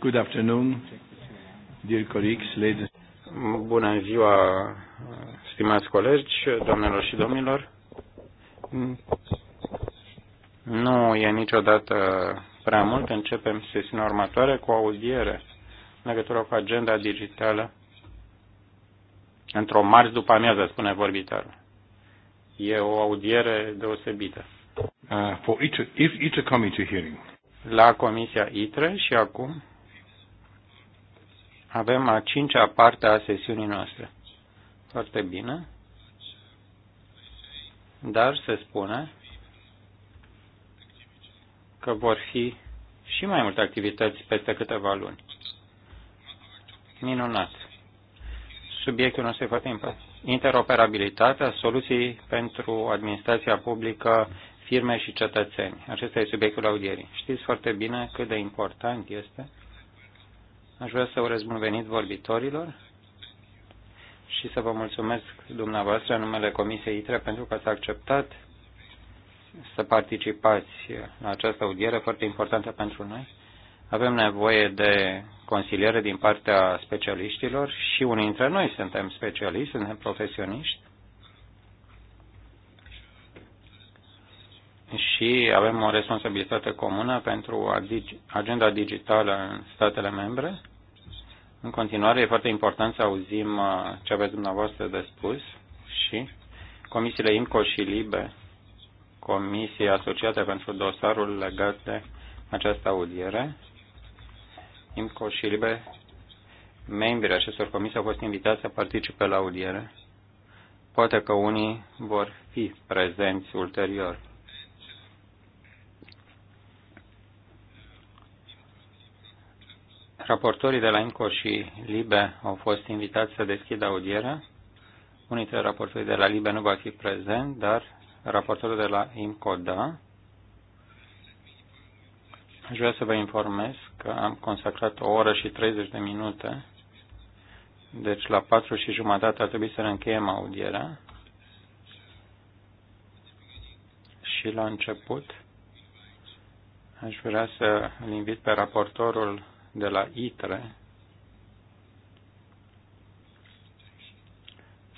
Good afternoon, dear colleagues, ladies. Bună ziua, stimați colegi, doamnelor și domnilor. Nu e niciodată prea mult. Începem sesiunea următoare cu audiere în legătură cu agenda digitală într-o marți după amiază, spune vorbitorul. E o audiere deosebită. Uh, for each, each, each committee hearing la Comisia ITRE și acum avem a cincea parte a sesiunii noastre. Foarte bine. Dar se spune că vor fi și mai multe activități peste câteva luni. Minunat. Subiectul nostru e foarte important. Interoperabilitatea, soluții pentru administrația publică firme și cetățeni. Acesta e subiectul audierii. Știți foarte bine cât de important este. Aș vrea să urez bun venit vorbitorilor și să vă mulțumesc dumneavoastră în numele Comisiei ITRE pentru că ați acceptat să participați la această audiere foarte importantă pentru noi. Avem nevoie de consiliere din partea specialiștilor și unii dintre noi suntem specialiști, suntem profesioniști și avem o responsabilitate comună pentru agenda digitală în statele membre. În continuare, e foarte important să auzim uh, ce aveți dumneavoastră de spus și comisiile IMCO și LIBE, comisii asociate pentru dosarul legat de această audiere. IMCO și LIBE, membrii acestor comisii au fost invitați să participe la audiere. Poate că unii vor fi prezenți ulterior. Raportorii de la INCO și LIBE au fost invitați să deschidă audierea. Unul dintre raportorii de la LIBE nu va fi prezent, dar raportorul de la INCO da. Aș vrea să vă informez că am consacrat o oră și 30 de minute, deci la 4 și jumătate ar trebui să ne încheiem audierea. Și la început aș vrea să îl invit pe raportorul de la ITRE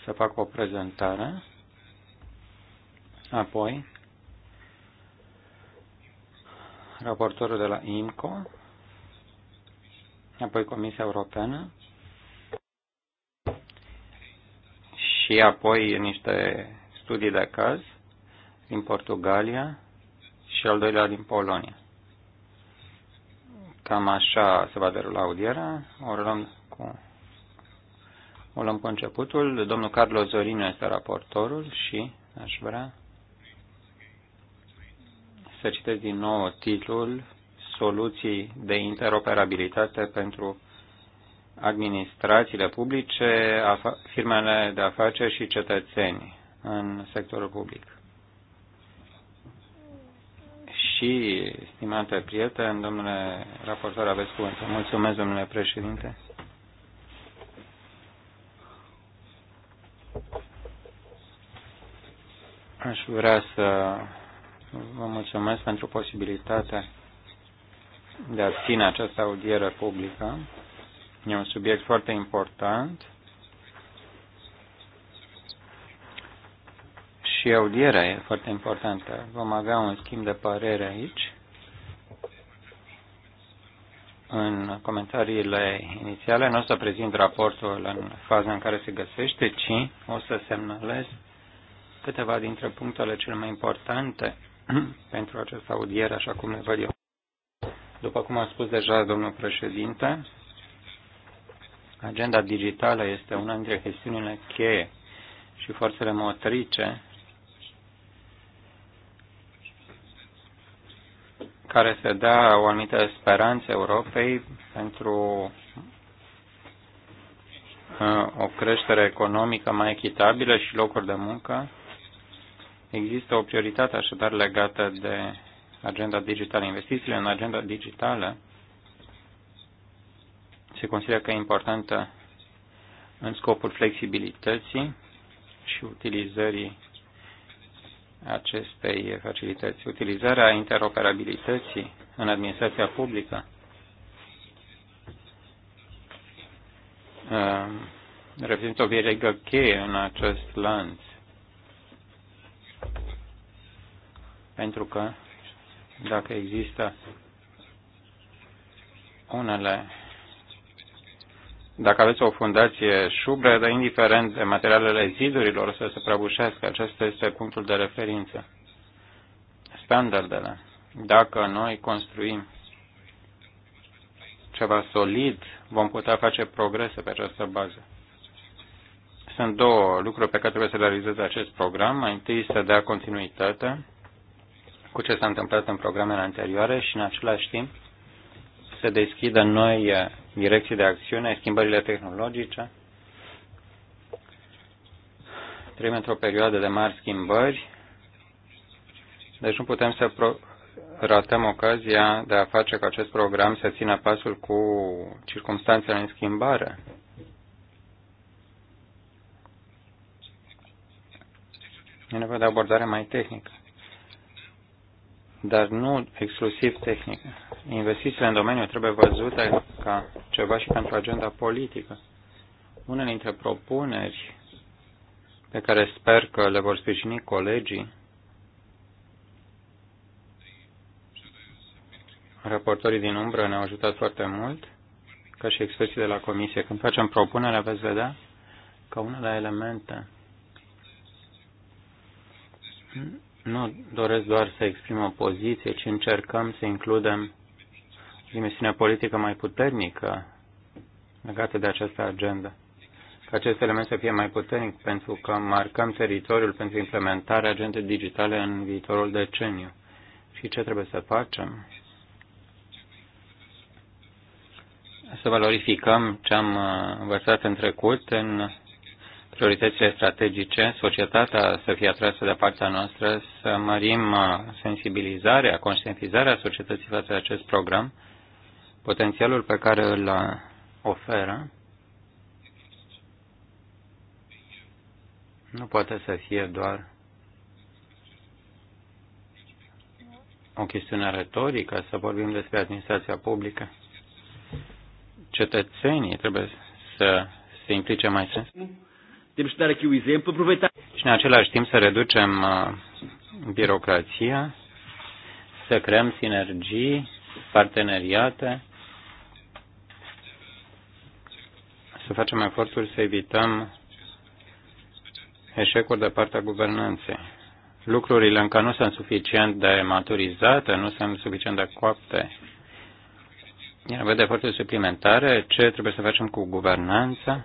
să fac o prezentare, apoi raportorul de la IMCO, apoi Comisia Europeană și apoi niște studii de caz din Portugalia și al doilea din Polonia. Cam așa se va derula audierea. O luăm cu... O luăm cu începutul. Domnul Carlos Zorino este raportorul și aș vrea să citesc din nou titlul Soluții de interoperabilitate pentru administrațiile publice, firmele de afaceri și cetățenii în sectorul public și, stimate prieten, domnule raportor, aveți cuvântul. Mulțumesc, domnule președinte. Aș vrea să vă mulțumesc pentru posibilitatea de a ține această audiere publică. E un subiect foarte important și audierea e foarte importantă. Vom avea un schimb de părere aici. În comentariile inițiale nu o să prezint raportul în faza în care se găsește, ci o să semnalez câteva dintre punctele cele mai importante pentru această audiere, așa cum le văd eu. După cum a spus deja domnul președinte, agenda digitală este una dintre chestiunile cheie și forțele motrice care să dea o anumită speranță Europei pentru uh, o creștere economică mai echitabilă și locuri de muncă. Există o prioritate așadar legată de agenda digitală. Investițiile în agenda digitală se consideră că e importantă în scopul flexibilității și utilizării acestei facilități. Utilizarea interoperabilității în administrația publică ehm, reprezintă o viregă cheie în acest lanț. Pentru că dacă există unele dacă aveți o fundație șubredă, indiferent de materialele zidurilor, să se prăbușească. Acesta este punctul de referință. Standardele. Dacă noi construim ceva solid, vom putea face progrese pe această bază. Sunt două lucruri pe care trebuie să le realizeze acest program. Mai întâi să dea continuitate cu ce s-a întâmplat în programele anterioare și în același timp să deschidă noi uh, direcții de acțiune, schimbările tehnologice. Trăim într-o perioadă de mari schimbări, deci nu putem să ratăm ocazia de a face ca acest program să țină pasul cu circumstanțele în schimbare. E nevoie de abordare mai tehnică dar nu exclusiv tehnică. Investițiile în domeniu trebuie văzute ca ceva și pentru agenda politică. Una dintre propuneri pe care sper că le vor sprijini colegii raportorii din umbră ne-au ajutat foarte mult, ca și experții de la comisie. Când facem propunerea, veți vedea că unele elemente nu doresc doar să exprim o poziție, ci încercăm să includem dimensiunea politică mai puternică legată de această agenda. Ca acest element să fie mai puternic pentru că marcăm teritoriul pentru implementarea agendei digitale în viitorul deceniu. Și ce trebuie să facem? Să valorificăm ce am învățat în trecut în prioritățile strategice, societatea să fie atrasă de partea noastră, să mărim uh, sensibilizarea, conștientizarea societății față de acest program, potențialul pe care îl uh, oferă, nu poate să fie doar o chestiune retorică, să vorbim despre administrația publică. Cetățenii trebuie să se implice mai sens. Și în același timp să reducem uh, birocrația, să creăm sinergii, parteneriate, să facem eforturi să evităm eșecuri de partea guvernanței. Lucrurile încă nu sunt suficient de maturizate, nu sunt suficient de coapte. E nevoie de eforturi suplimentare. Ce trebuie să facem cu guvernanța?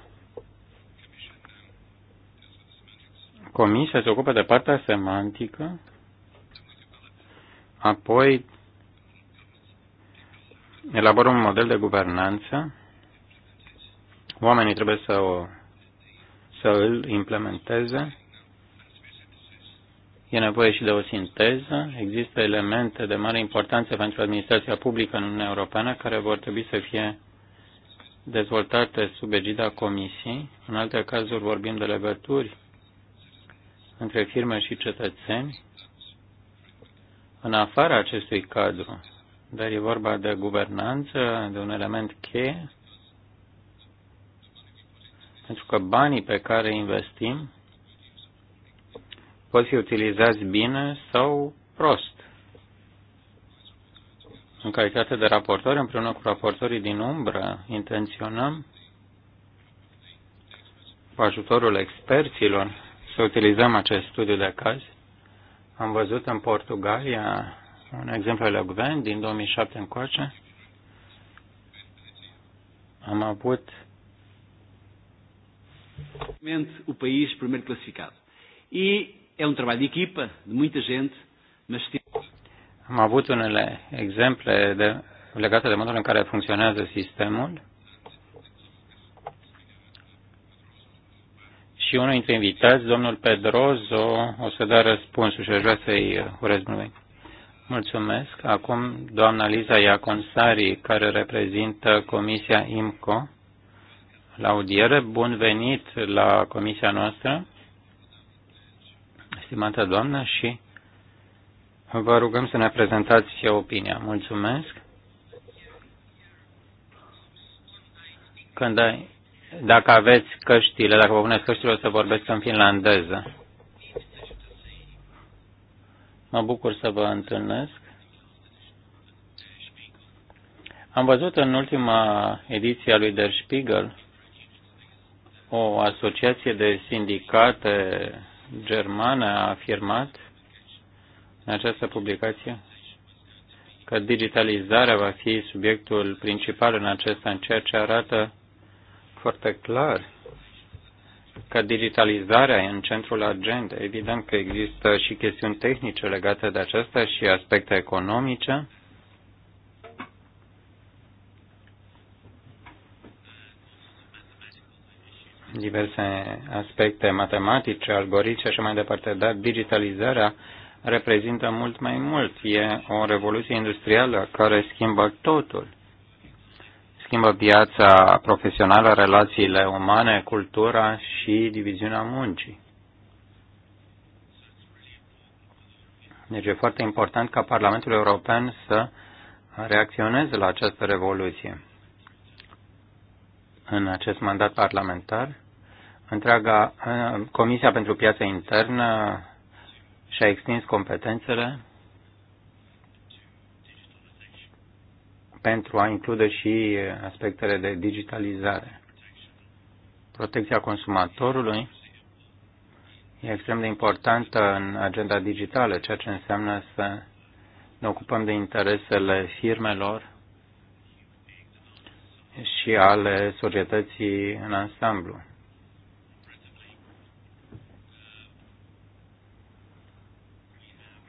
Comisia se ocupă de partea semantică, apoi elaboră un model de guvernanță, oamenii trebuie să, o, să îl implementeze, e nevoie și de o sinteză, există elemente de mare importanță pentru administrația publică în Uniunea Europeană care vor trebui să fie dezvoltate sub egida Comisiei, în alte cazuri vorbim de legături între firme și cetățeni în afara acestui cadru, dar e vorba de guvernanță, de un element cheie, pentru că banii pe care investim pot fi utilizați bine sau prost. În calitate de raportor, împreună cu raportorii din umbră, intenționăm cu ajutorul experților să utilizăm acest studiu de caz. Am văzut în Portugalia un exemplu elocvent din 2007 încoace. Am avut o país primeiro classificado. E é um trabalho de equipa, de muita gente, mas Am avut unele exemple de, legate de modul în care funcționează sistemul și unul dintre invitați, domnul Pedrozo, o să dea răspunsul și aș vrea să-i urez bun Mulțumesc. Acum doamna Liza Iaconsari, care reprezintă Comisia IMCO la audiere. Bun venit la comisia noastră, estimată doamnă, și vă rugăm să ne prezentați și opinia. Mulțumesc. Când ai dacă aveți căștile, dacă vă puneți căștile, o să vorbesc în finlandeză. Mă bucur să vă întâlnesc. Am văzut în ultima ediție a lui Der Spiegel o asociație de sindicate germane a afirmat în această publicație că digitalizarea va fi subiectul principal în acesta, în ceea ce arată foarte clar că digitalizarea e în centrul agendei. Evident că există și chestiuni tehnice legate de aceasta și aspecte economice. diverse aspecte matematice, algoritmice și mai departe, dar digitalizarea reprezintă mult mai mult. E o revoluție industrială care schimbă totul schimbă viața profesională, relațiile umane, cultura și diviziunea muncii. Deci e foarte important ca Parlamentul European să reacționeze la această revoluție. În acest mandat parlamentar, întreaga uh, Comisia pentru Piața Internă și-a extins competențele pentru a include și aspectele de digitalizare. Protecția consumatorului e extrem de importantă în agenda digitală, ceea ce înseamnă să ne ocupăm de interesele firmelor și ale societății în ansamblu.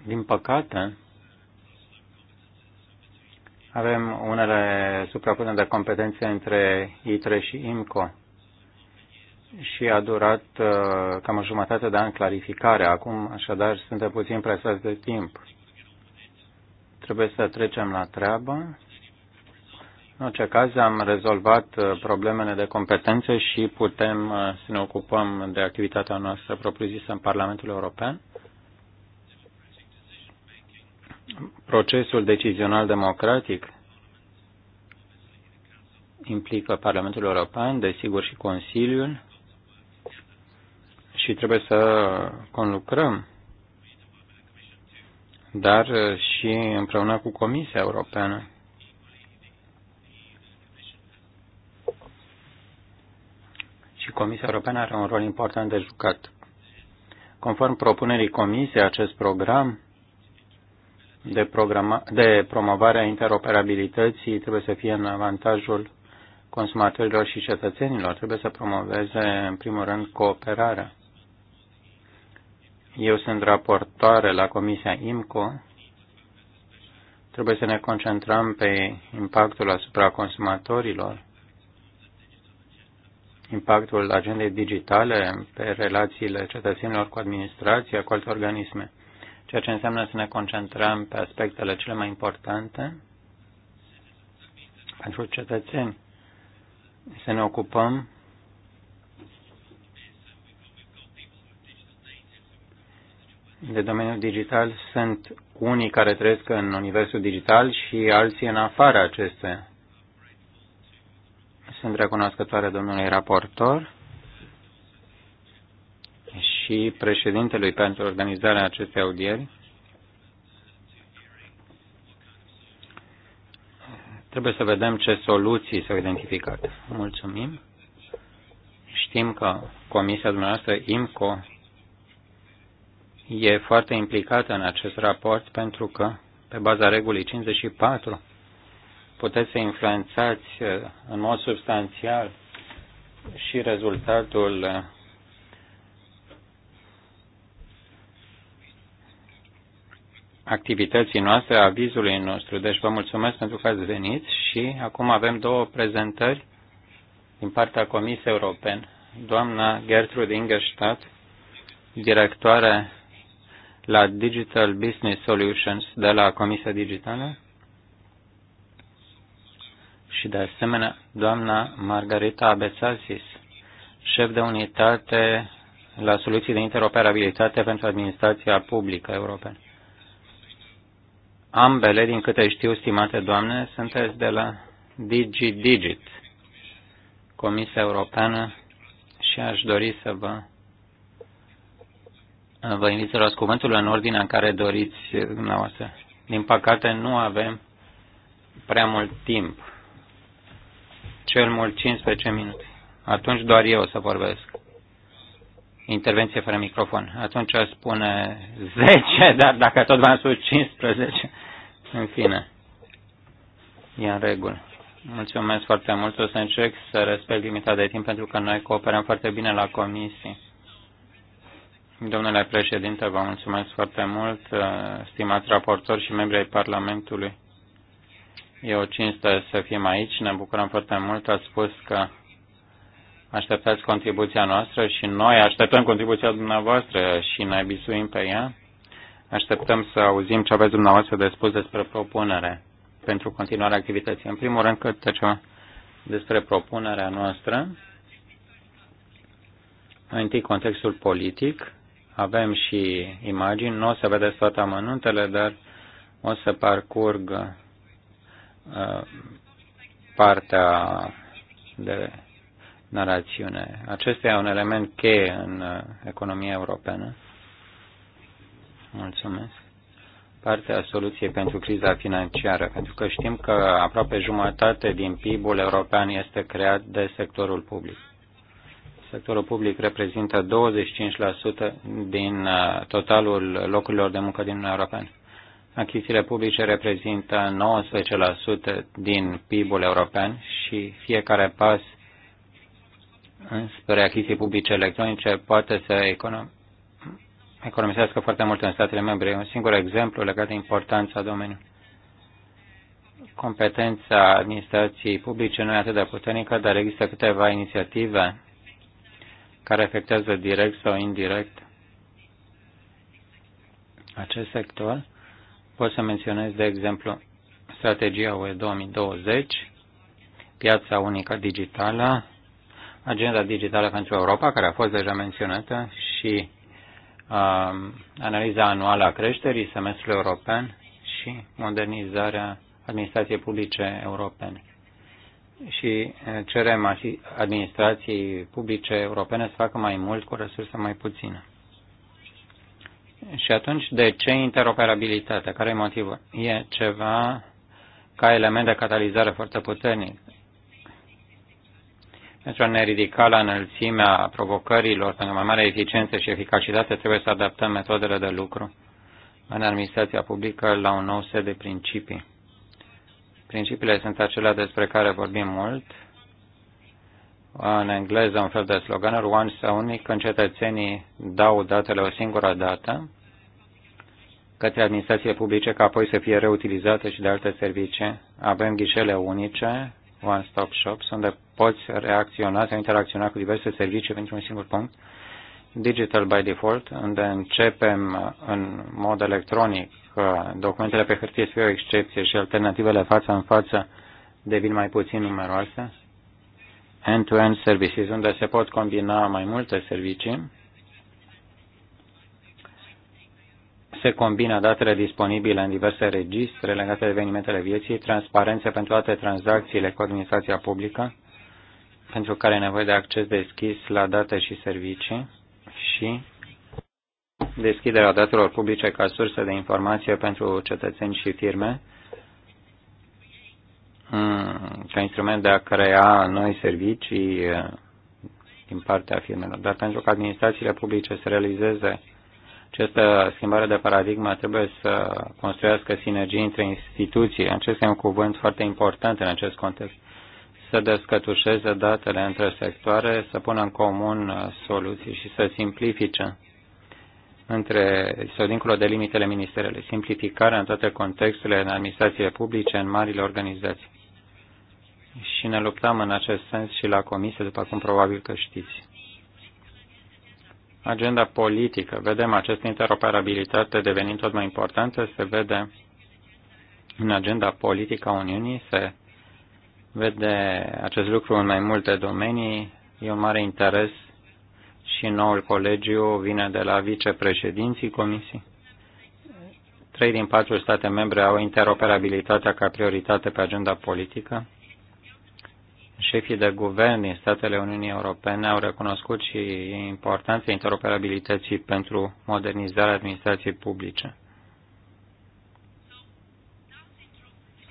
Din păcate, avem unele suprapuneri de competențe între ITRE și IMCO și a durat uh, cam o jumătate de an clarificarea. Acum, așadar, suntem puțin presați de timp. Trebuie să trecem la treabă. În orice caz, am rezolvat uh, problemele de competențe și putem uh, să ne ocupăm de activitatea noastră propriu-zisă în Parlamentul European procesul decizional democratic implică Parlamentul European, desigur și Consiliul, și trebuie să conlucrăm, dar și împreună cu Comisia Europeană. Și Comisia Europeană are un rol important de jucat. Conform propunerii Comisiei, acest program de, de promovare a interoperabilității trebuie să fie în avantajul consumatorilor și cetățenilor. Trebuie să promoveze, în primul rând, cooperarea. Eu sunt raportoare la Comisia IMCO. Trebuie să ne concentrăm pe impactul asupra consumatorilor, impactul agendei digitale pe relațiile cetățenilor cu administrația, cu alte organisme ceea ce înseamnă să ne concentrăm pe aspectele cele mai importante pentru cetățeni, să ne ocupăm de domeniul digital. Sunt unii care trăiesc în universul digital și alții în afara acestuia. Sunt recunoscătoare domnului raportor și președintelui pentru organizarea acestei audieri. Trebuie să vedem ce soluții s-au identificat. Mulțumim. Știm că Comisia dumneavoastră IMCO e foarte implicată în acest raport pentru că, pe baza regulii 54, puteți să influențați uh, în mod substanțial și rezultatul uh, activității noastre, a vizului nostru. Deci vă mulțumesc pentru că ați venit și acum avem două prezentări din partea Comisiei Europene. Doamna Gertrude Ingerstadt, directoare la Digital Business Solutions de la Comisia Digitală și de asemenea doamna Margarita Abesasis, șef de unitate la soluții de interoperabilitate pentru administrația publică europeană. Ambele, din câte știu, stimate doamne, sunteți de la DigiDigit, Digit, Comisia Europeană, și aș dori să vă, vă invit să luați cuvântul în ordinea în care doriți dumneavoastră. Din păcate, nu avem prea mult timp, cel mult 15 minute. Atunci doar eu o să vorbesc intervenție fără microfon. Atunci aș spune 10, dar dacă tot v-am spus 15, în fine, e în regulă. Mulțumesc foarte mult. O să încerc să respect limita de timp pentru că noi cooperăm foarte bine la comisii. Domnule președinte, vă mulțumesc foarte mult, uh, stimați raportori și membri ai Parlamentului. E o cinstă să fim aici, ne bucurăm foarte mult. Ați spus că Așteptați contribuția noastră și noi așteptăm contribuția dumneavoastră și ne bisuim pe ea. Așteptăm să auzim ce aveți dumneavoastră de spus despre propunere pentru continuarea activității. În primul rând, câte ceva despre propunerea noastră. Mai întâi, contextul politic. Avem și imagini. Nu o să vedeți toate amănuntele, dar o să parcurg uh, partea de narațiune. Acesta e un element cheie în uh, economia europeană. Mulțumesc. Partea soluției pentru criza financiară, pentru că știm că aproape jumătate din PIB-ul european este creat de sectorul public. Sectorul public reprezintă 25% din uh, totalul locurilor de muncă din Uniunea Europeană. Achizițiile publice reprezintă 19% din PIB-ul european și fiecare pas spre achiziții publice electronice poate să econom economisească foarte mult în statele membre. Un singur exemplu legat de importanța domeniului. Competența administrației publice nu e atât de puternică, dar există câteva inițiative care afectează direct sau indirect acest sector. Pot să menționez, de exemplu, strategia UE 2020, piața unică digitală, agenda digitală pentru Europa, care a fost deja menționată, și uh, analiza anuală a creșterii semestrului european și modernizarea administrației publice europene. Și uh, cerem administrației publice europene să facă mai mult cu resurse mai puține. Și atunci, de ce interoperabilitatea? Care e motivul? E ceva ca element de catalizare foarte puternic. Pentru a ne ridica la înălțimea provocărilor pentru mai mare eficiență și eficacitate, trebuie să adaptăm metodele de lucru în administrația publică la un nou set de principii. Principiile sunt acelea despre care vorbim mult, în engleză un fel de slogan, one sau unic, când cetățenii dau datele o singură dată către administrație publice, ca apoi să fie reutilizate și de alte servicii. Avem ghișele unice One Stop Shops, unde poți reacționa sau interacționa cu diverse servicii pentru un singur punct. Digital by Default, unde începem în mod electronic documentele pe hârtie să fie o excepție și alternativele față în față devin mai puțin numeroase. End-to-end -end services, unde se pot combina mai multe servicii se combină datele disponibile în diverse registre legate de evenimentele vieții, transparență pentru toate tranzacțiile cu administrația publică, pentru care e nevoie de acces deschis la date și servicii și deschiderea datelor publice ca sursă de informație pentru cetățeni și firme, mm, ca instrument de a crea noi servicii eh, din partea firmelor. Dar pentru că administrațiile publice să realizeze această schimbare de paradigmă trebuie să construiască sinergii între instituții. Acesta e un cuvânt foarte important în acest context. Să descătușeze datele între sectoare, să pună în comun uh, soluții și să simplifice între sau dincolo de limitele ministerele. Simplificarea în toate contextele în administrațiile publice, în marile organizații. Și ne luptam în acest sens și la comisie, după cum probabil că știți agenda politică. Vedem această interoperabilitate devenind tot mai importantă, se vede în agenda politică a Uniunii, se vede acest lucru în mai multe domenii. E un mare interes și noul colegiu vine de la vicepreședinții comisii. Trei din patru state membre au interoperabilitatea ca prioritate pe agenda politică. Șefii de guvern din statele Uniunii Europene au recunoscut și importanța interoperabilității pentru modernizarea administrației publice.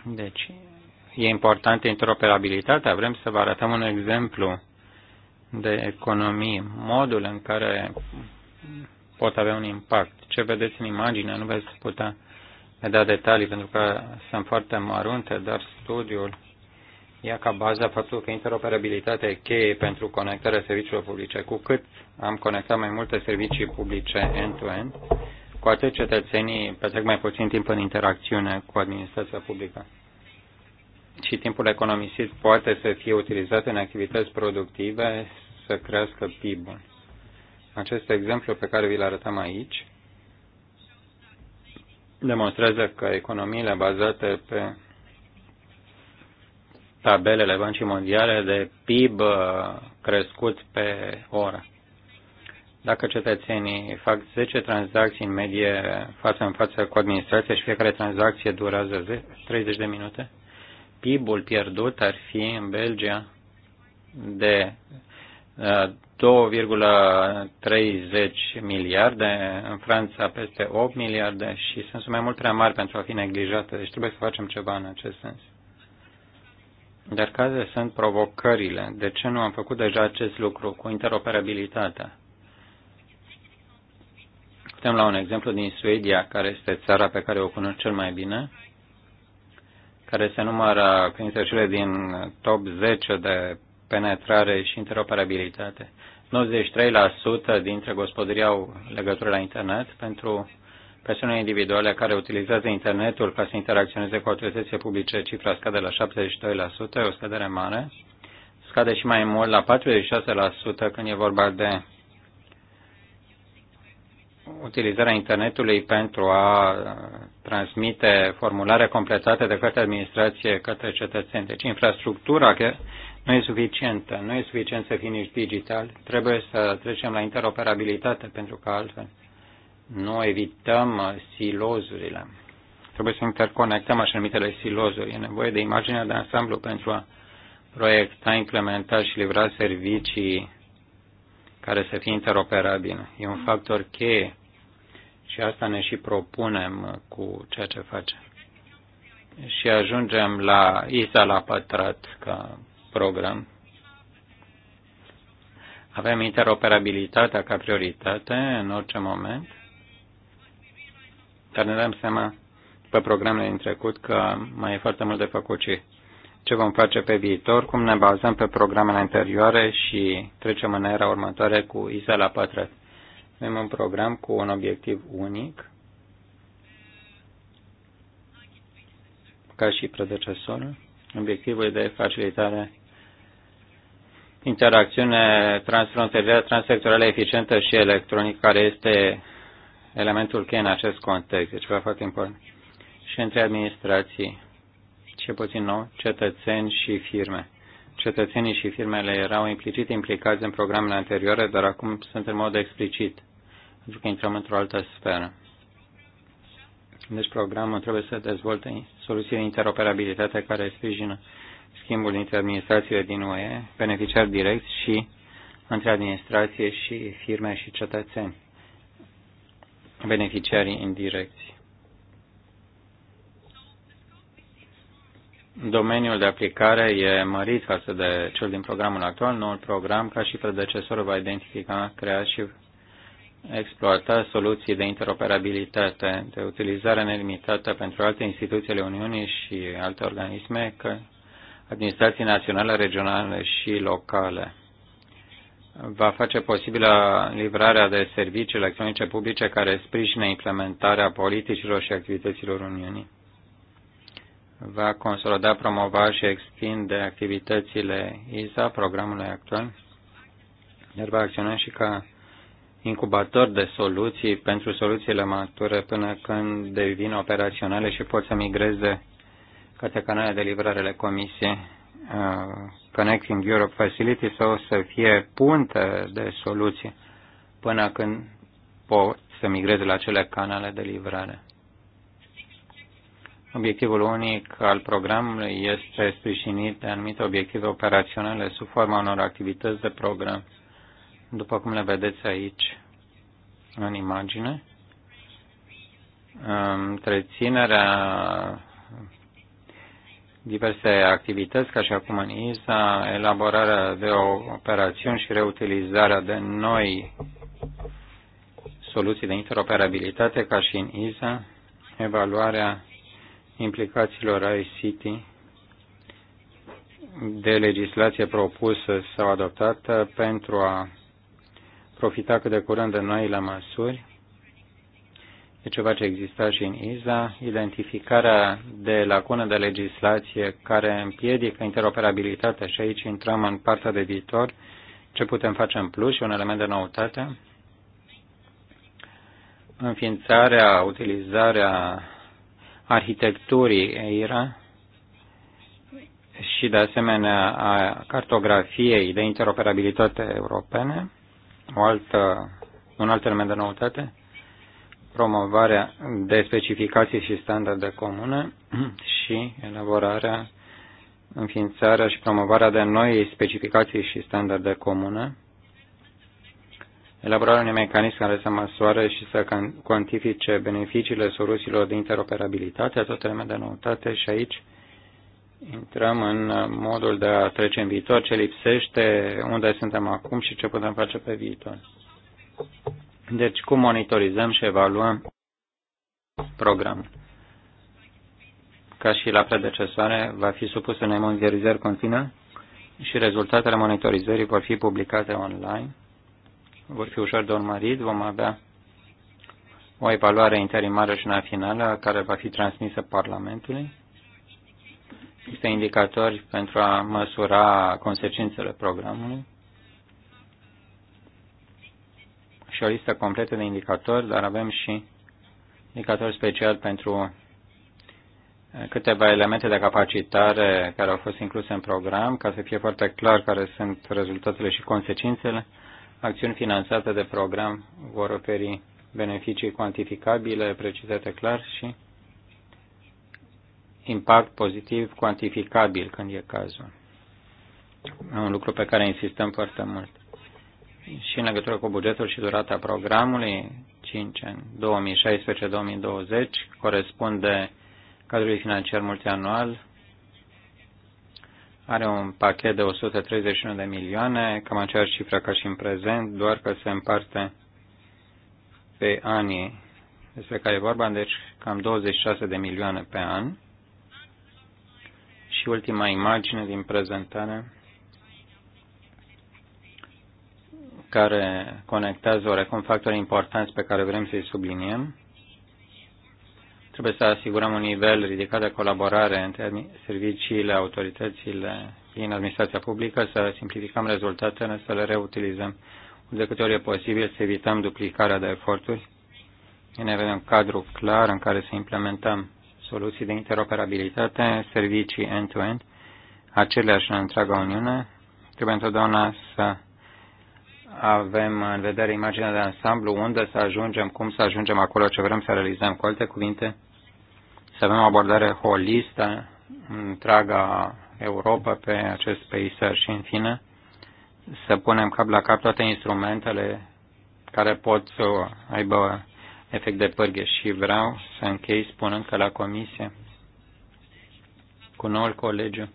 Deci, e importantă interoperabilitatea. Vrem să vă arătăm un exemplu de economie, modul în care pot avea un impact. Ce vedeți în imagine, nu veți putea da detalii pentru că sunt foarte mărunte, dar studiul ia ca bază faptul că interoperabilitatea e cheie pentru conectarea serviciilor publice. Cu cât am conectat mai multe servicii publice end-to-end, -end, cu atât cetățenii petrec mai puțin timp în interacțiune cu administrația publică. Și timpul economisit poate să fie utilizat în activități productive să crească PIB-ul. Acest exemplu pe care vi-l arătăm aici demonstrează că economiile bazate pe tabelele Băncii Mondiale de PIB uh, crescut pe oră. Dacă cetățenii fac 10 tranzacții în medie față în față cu administrația și fiecare tranzacție durează 30 de minute, PIB-ul pierdut ar fi în Belgia de 2,30 uh, miliarde, în Franța peste 8 miliarde și sunt mai mult prea mari pentru a fi neglijate, deci trebuie să facem ceva în acest sens. Dar care sunt provocările? De ce nu am făcut deja acest lucru cu interoperabilitatea? Putem la un exemplu din Suedia, care este țara pe care o cunosc cel mai bine, care se numără printre cele din top 10 de penetrare și interoperabilitate. 93% dintre gospodării au legătură la internet pentru Persoanele individuale care utilizează internetul ca să interacționeze cu autoritățile publice, cifra scade la 72%, o scădere mare. Scade și mai mult la 46% când e vorba de utilizarea internetului pentru a uh, transmite formulare completate de către administrație către cetățeni. Deci infrastructura că nu e suficientă, nu e suficient să fii nici digital, trebuie să trecem la interoperabilitate pentru că altfel nu evităm uh, silozurile. Trebuie să interconectăm așa numitele silozuri. E nevoie de imaginea de ansamblu pentru a proiecta, implementa și livra servicii care să fie interoperabile. E un factor cheie și asta ne și propunem uh, cu ceea ce facem. Și ajungem la ISA la pătrat ca program. Avem interoperabilitatea ca prioritate în orice moment dar ne dăm seama pe programele din trecut că mai e foarte mult de făcut și ce vom face pe viitor, cum ne bazăm pe programele anterioare și trecem în era următoare cu ISA la pătrat. Avem un program cu un obiectiv unic, ca și predecesorul. Obiectivul de facilitare interacțiune transfrontalieră, transsectorială eficientă și electronică, care este elementul cheie în acest context, deci ceva foarte important, și între administrații, ce puțin nou, cetățeni și firme. Cetățenii și firmele erau implicit implicați în programele anterioare, dar acum sunt în mod explicit, pentru că intrăm într-o altă sferă. Deci programul trebuie să dezvolte soluții de interoperabilitate care sprijină schimbul dintre administrațiile din UE, beneficiari direct și între administrație și firme și cetățeni beneficiarii indirecți. Domeniul de aplicare e mărit față de cel din programul actual. Noul program, ca și predecesorul, va identifica, crea și exploata soluții de interoperabilitate, de utilizare nelimitată pentru alte instituții ale Uniunii și alte organisme, că administrații naționale, regionale și locale va face posibilă livrarea de servicii electronice publice care sprijină implementarea politicilor și activităților Uniunii. Va consolida, promova și extinde activitățile ISA, programului actual, iar va acționa și ca incubator de soluții pentru soluțiile mature până când devin operaționale și pot să migreze către canale de livrare ale Comisiei Uh, Connecting Europe Facility sau să fie punte de soluție până când pot să migreze la cele canale de livrare. Obiectivul unic al programului este sprijinit de anumite obiective operaționale sub forma unor activități de program, după cum le vedeți aici în imagine. Întreținerea diverse activități, ca și acum în ISA, elaborarea de operațiuni și reutilizarea de noi soluții de interoperabilitate, ca și în ISA, evaluarea implicațiilor ICT de legislație propusă sau adoptată pentru a profita cât de curând de noile măsuri e ceva ce exista și în ISA, identificarea de lacune de legislație care împiedică interoperabilitatea și aici intrăm în partea de viitor, ce putem face în plus și un element de noutate, înființarea, utilizarea arhitecturii EIRA și de asemenea a cartografiei de interoperabilitate europene, o altă, un alt element de noutate, promovarea de specificații și standarde comune și elaborarea, înființarea și promovarea de noi specificații și standarde comune, elaborarea unui mecanism care să măsoare și să cuantifice beneficiile soluțiilor de interoperabilitate, toate elementele de noutate și aici intrăm în modul de a trece în viitor, ce lipsește, unde suntem acum și ce putem face pe viitor. Deci, cum monitorizăm și evaluăm programul? Ca și la predecesoare, va fi supus unei monitorizări continuă și rezultatele monitorizării vor fi publicate online, vor fi ușor de urmărit, vom avea o evaluare interimară și una finală care va fi transmisă Parlamentului. Există indicatori pentru a măsura consecințele programului. și o listă completă de indicatori, dar avem și indicator special pentru eh, câteva elemente de capacitare care au fost incluse în program, ca să fie foarte clar care sunt rezultatele și consecințele. Acțiuni finanțate de program vor oferi beneficii cuantificabile, precizate clar și impact pozitiv cuantificabil când e cazul. un lucru pe care insistăm foarte mult și în legătură cu bugetul și durata programului, 5 ani, 2016-2020, corespunde cadrului financiar multianual, are un pachet de 131 de milioane, cam aceeași cifră ca și în prezent, doar că se împarte pe anii despre care e vorba, deci cam 26 de milioane pe an. Și ultima imagine din prezentare care conectează oarecum factori importanți pe care vrem să-i subliniem. Trebuie să asigurăm un nivel ridicat de colaborare între serviciile, autoritățile din administrația publică, să simplificăm rezultatele, să le reutilizăm de câte ori e posibil, să evităm duplicarea de eforturi. E nevoie de un cadru clar în care să implementăm soluții de interoperabilitate, servicii end-to-end, -end, aceleași în întreaga Uniune. Trebuie întotdeauna să avem în vedere imaginea de ansamblu, unde să ajungem, cum să ajungem acolo, ce vrem să realizăm. Cu alte cuvinte, să avem o abordare holistă în întreaga Europa pe acest peisaj și, în fine, să punem cap la cap toate instrumentele care pot să aibă efect de pârghie și vreau să închei spunând că la comisie cu noul colegiu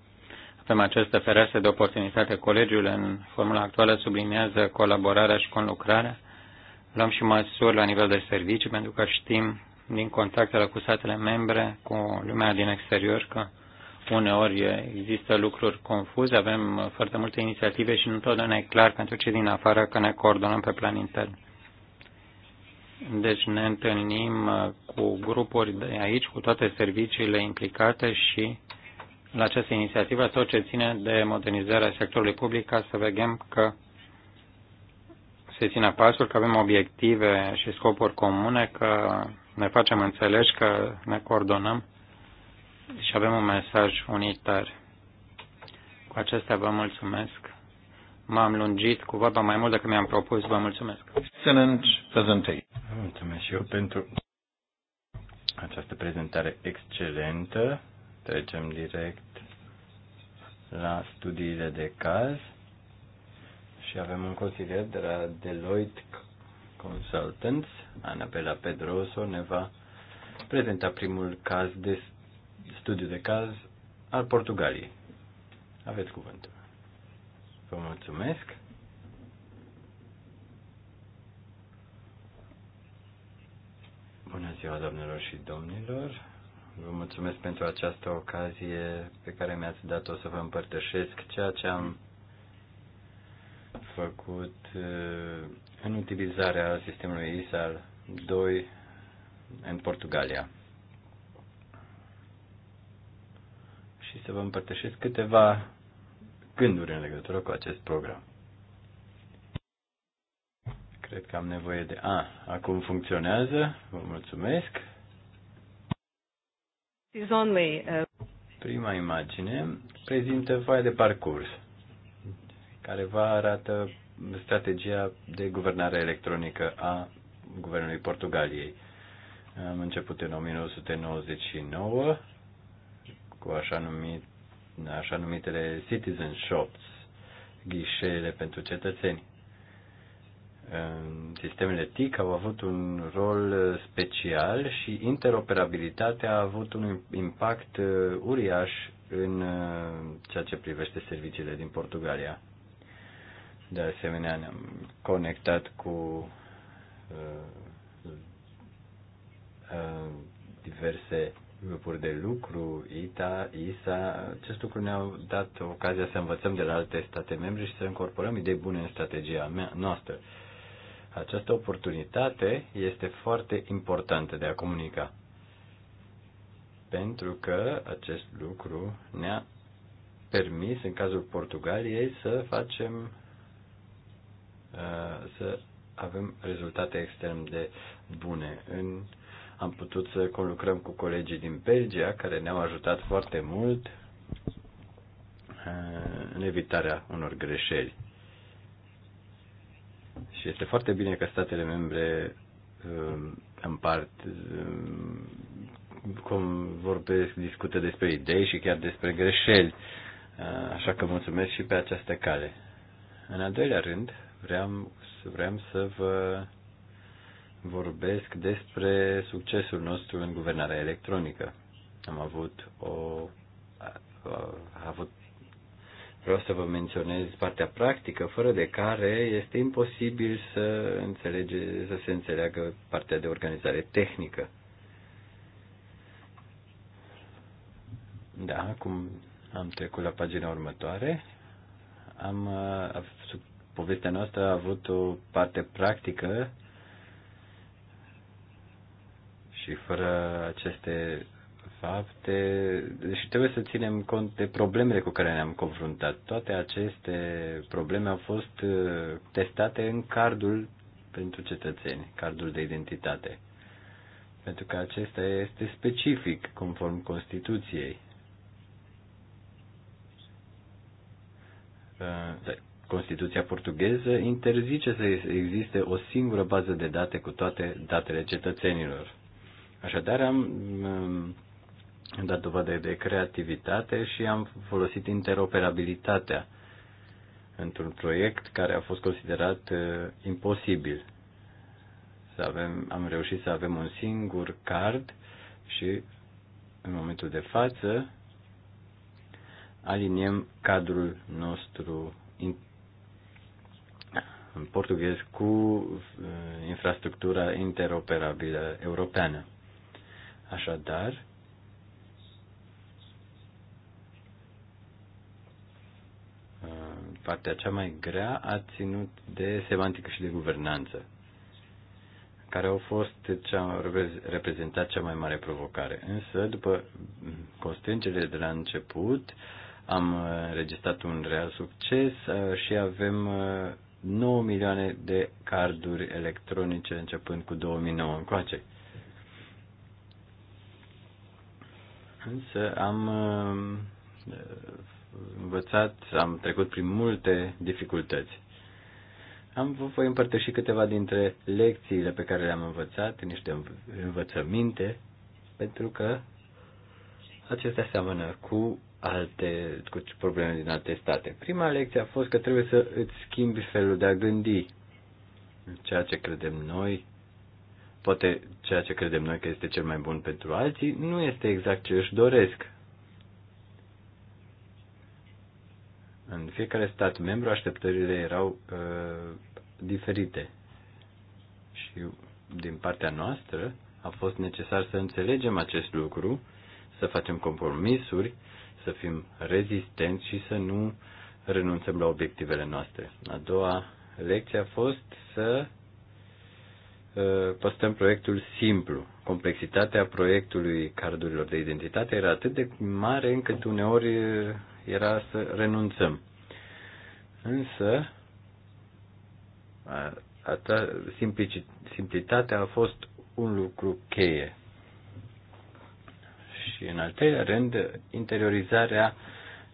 avem această fereastră de oportunitate. Colegiul în formula actuală subliniază colaborarea și conlucrarea. Luăm și măsuri la nivel de servicii, pentru că știm din contactele cu statele membre, cu lumea din exterior, că uneori există lucruri confuze, avem foarte multe inițiative și nu totdeauna e clar pentru cei din afară că ne coordonăm pe plan intern. Deci ne întâlnim cu grupuri de aici, cu toate serviciile implicate și uh, la această inițiativă tot ce ține de modernizarea sectorului public ca să vedem că se ține pasul, că avem obiective și scopuri comune, că ne facem înțelegi, că ne coordonăm și avem un mesaj unitar. Cu acestea vă mulțumesc. M-am lungit cu vorba mai mult decât mi-am propus. Vă mulțumesc. Excelent presentation. Mulțumesc și eu pentru această prezentare excelentă Trecem direct la studiile de caz și avem un consilier de la Deloitte Consultants, Anabela Pedroso, ne va prezenta primul caz de studiu de caz al Portugaliei. Aveți cuvântul. Vă mulțumesc. Bună ziua, doamnelor și domnilor. Vă mulțumesc pentru această ocazie pe care mi-ați dat-o să vă împărtășesc ceea ce am făcut uh, în utilizarea sistemului ISAL 2 în Portugalia. Și să vă împărtășesc câteva gânduri în legătură cu acest program. Cred că am nevoie de... A, acum funcționează. Vă mulțumesc. Uh, Prima imagine prezintă foaia de parcurs care vă arată strategia de guvernare electronică a Guvernului Portugaliei. Am început în 1999 cu așa, numit, așa numitele citizen shops, ghișeele pentru cetățeni sistemele TIC au avut un rol special și interoperabilitatea a avut un impact uh, uriaș în uh, ceea ce privește serviciile din Portugalia. De asemenea, ne-am conectat cu uh, diverse grupuri de lucru, ITA, ISA, acest lucru ne a dat ocazia să învățăm de la alte state membre și să incorporăm idei bune în strategia mea, noastră. Uh, această oportunitate este foarte importantă de a comunica. Pentru că acest lucru ne-a permis, în cazul Portugaliei, să facem, uh, să avem rezultate extrem de bune. În, am putut să conlucrăm cu colegii din Belgia, care ne-au ajutat foarte mult uh, în evitarea unor greșeli. Și este foarte bine că statele membre um, împart, um, cum vorbesc, discută despre idei și chiar despre greșeli. Uh, așa că mulțumesc și pe această cale. În al doilea rând, vreau, vreau să vă vorbesc despre succesul nostru în guvernarea electronică. Am avut o a, a avut Vreau să vă menționez partea practică, fără de care este imposibil să, înțelege, să se înțeleagă partea de organizare tehnică. Da, acum am trecut la pagina următoare. Am, a, povestea noastră a avut o parte practică și fără aceste fapt. și deci trebuie să ținem cont de problemele cu care ne-am confruntat. Toate aceste probleme au fost uh, testate în cardul pentru cetățeni, cardul de identitate. Pentru că acesta este specific conform Constituției. Uh, da, Constituția portugheză interzice să existe o singură bază de date cu toate datele cetățenilor. Așadar, am um, am dat dovadă de creativitate și am folosit interoperabilitatea într-un proiect care a fost considerat uh, imposibil. Să avem, am reușit să avem un singur card și în momentul de față aliniem cadrul nostru in, în portughez cu uh, infrastructura interoperabilă europeană. Așadar, partea cea mai grea a ținut de semantică și de guvernanță, care au fost cea, reprezentat cea mai mare provocare. Însă, după constrângerile de la început, am registrat un real succes uh, și avem 9 uh, milioane de carduri electronice începând cu 2009 încoace. Însă am uh, învățat, am trecut prin multe dificultăți. Am vă voi împărtăși câteva dintre lecțiile pe care le-am învățat, niște învățăminte, pentru că acestea seamănă cu alte, cu probleme din alte state. Prima lecție a fost că trebuie să îți schimbi felul de a gândi ceea ce credem noi, poate ceea ce credem noi că este cel mai bun pentru alții, nu este exact ce își doresc. În fiecare stat membru așteptările erau uh, diferite și din partea noastră a fost necesar să înțelegem acest lucru, să facem compromisuri, să fim rezistenți și să nu renunțăm la obiectivele noastre. A doua lecție a fost să uh, păstrăm proiectul simplu. Complexitatea proiectului cardurilor de identitate era atât de mare încât uneori uh, era să renunțăm. Însă, ata, simplitatea a fost un lucru cheie. Și în al treilea rând, interiorizarea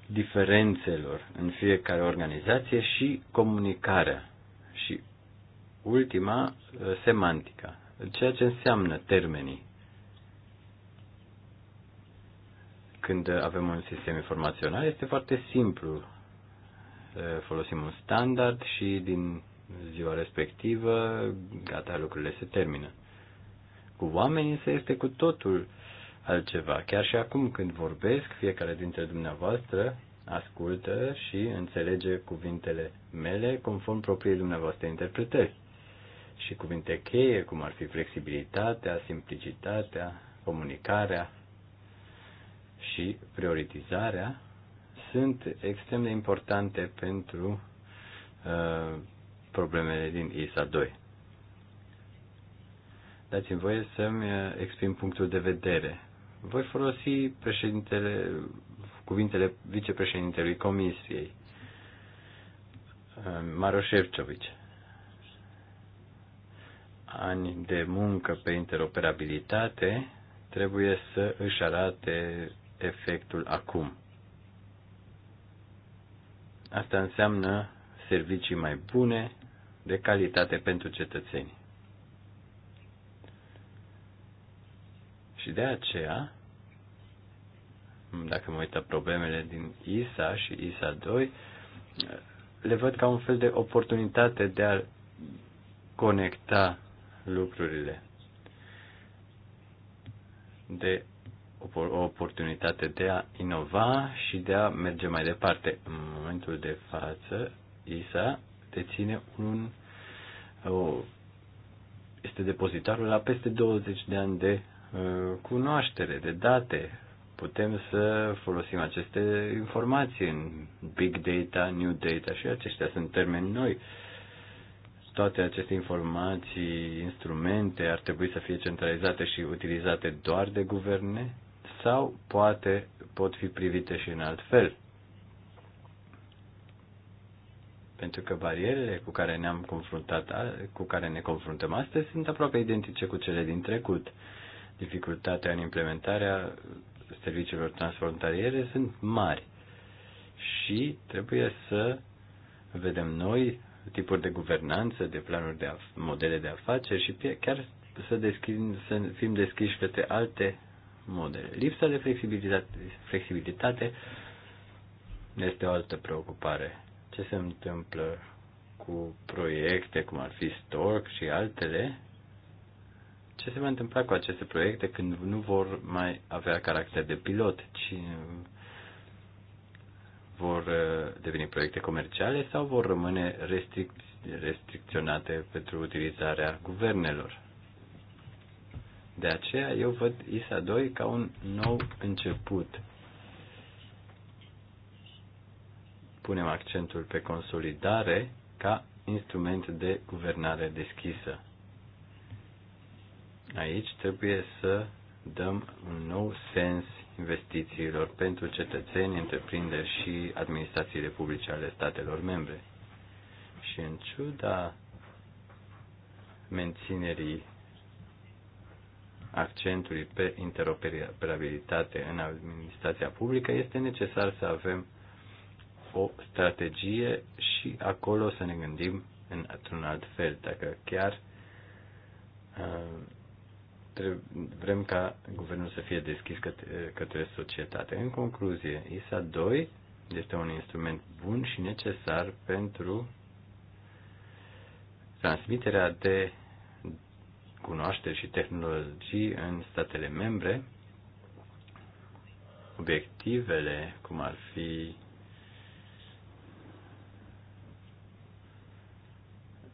diferențelor în fiecare organizație și comunicarea. Și ultima, semantica, ceea ce înseamnă termenii. când avem un sistem informațional este foarte simplu. Folosim un standard și din ziua respectivă, gata, lucrurile se termină. Cu oamenii însă este cu totul altceva. Chiar și acum când vorbesc, fiecare dintre dumneavoastră ascultă și înțelege cuvintele mele conform propriei dumneavoastră interpretări. Și cuvinte cheie, cum ar fi flexibilitatea, simplicitatea, comunicarea, și prioritizarea sunt extrem de importante pentru uh, problemele din ISA 2. Dați-mi voie să-mi uh, exprim punctul de vedere. Voi folosi președintele, cuvintele vicepreședintelui Comisiei, uh, Maro Șefcovici. Ani de muncă pe interoperabilitate trebuie să își arate efectul acum. Asta înseamnă servicii mai bune, de calitate pentru cetățeni. Și de aceea, dacă mă uit la problemele din ISA și ISA 2, le văd ca un fel de oportunitate de a conecta lucrurile, de o oportunitate de a inova și de a merge mai departe. În momentul de față, ISA deține un o, este depozitarul la peste 20 de ani de uh, cunoaștere, de date. Putem să folosim aceste informații în big data, new data și aceștia sunt termeni noi. Toate aceste informații, instrumente ar trebui să fie centralizate și utilizate doar de guverne sau poate pot fi privite și în alt fel. Pentru că barierele cu care ne-am confruntat, cu care ne confruntăm astăzi sunt aproape identice cu cele din trecut. Dificultatea în implementarea serviciilor transfrontaliere sunt mari și trebuie să vedem noi tipuri de guvernanță, de planuri de modele de afaceri și chiar să, deschim, să fim deschiși către alte modele. Lipsa de flexibilitate, flexibilitate este o altă preocupare. Ce se întâmplă cu proiecte cum ar fi Stork și altele? Ce se va întâmpla cu aceste proiecte când nu vor mai avea caracter de pilot, ci vor uh, deveni proiecte comerciale sau vor rămâne restric- restricționate pentru utilizarea guvernelor? De aceea eu văd ISA 2 ca un nou început. Punem accentul pe consolidare ca instrument de guvernare deschisă. Aici trebuie să dăm un nou sens investițiilor pentru cetățeni, întreprinderi și administrațiile publice ale statelor membre. Și în ciuda menținerii accentului pe interoperabilitate în administrația publică, este necesar să avem o strategie și acolo să ne gândim în, într-un alt fel, dacă chiar uh, vrem ca guvernul să fie deschis către, către societate. În concluzie, ISA 2 este un instrument bun și necesar pentru transmiterea de cunoașteri și tehnologii în statele membre, obiectivele, cum ar fi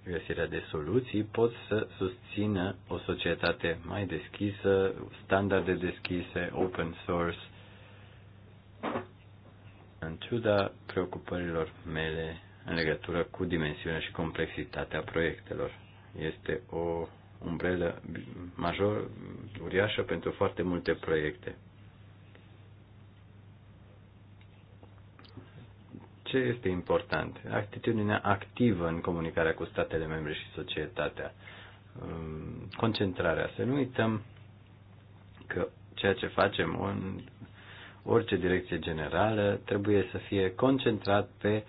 găsirea de soluții, pot să susțină o societate mai deschisă, standarde deschise, open source, în ciuda preocupărilor mele în legătură cu dimensiunea și complexitatea proiectelor. Este o umbrelă major, uriașă pentru foarte multe proiecte. Ce este important? Actitudinea activă în comunicarea cu statele membre și societatea. Concentrarea. Să nu uităm că ceea ce facem în orice direcție generală trebuie să fie concentrat pe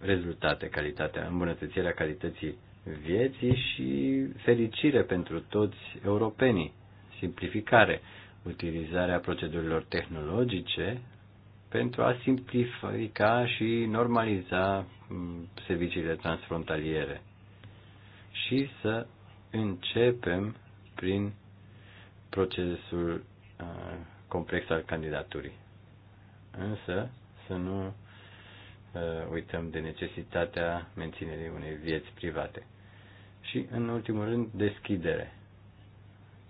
rezultate, calitatea, îmbunătățirea calității vieții și fericire pentru toți europenii. Simplificare, utilizarea procedurilor tehnologice pentru a simplifica și normaliza mm, serviciile transfrontaliere și să începem prin procesul complex al candidaturii. Însă să nu uităm de necesitatea menținerii unei vieți private și, în ultimul rând, deschidere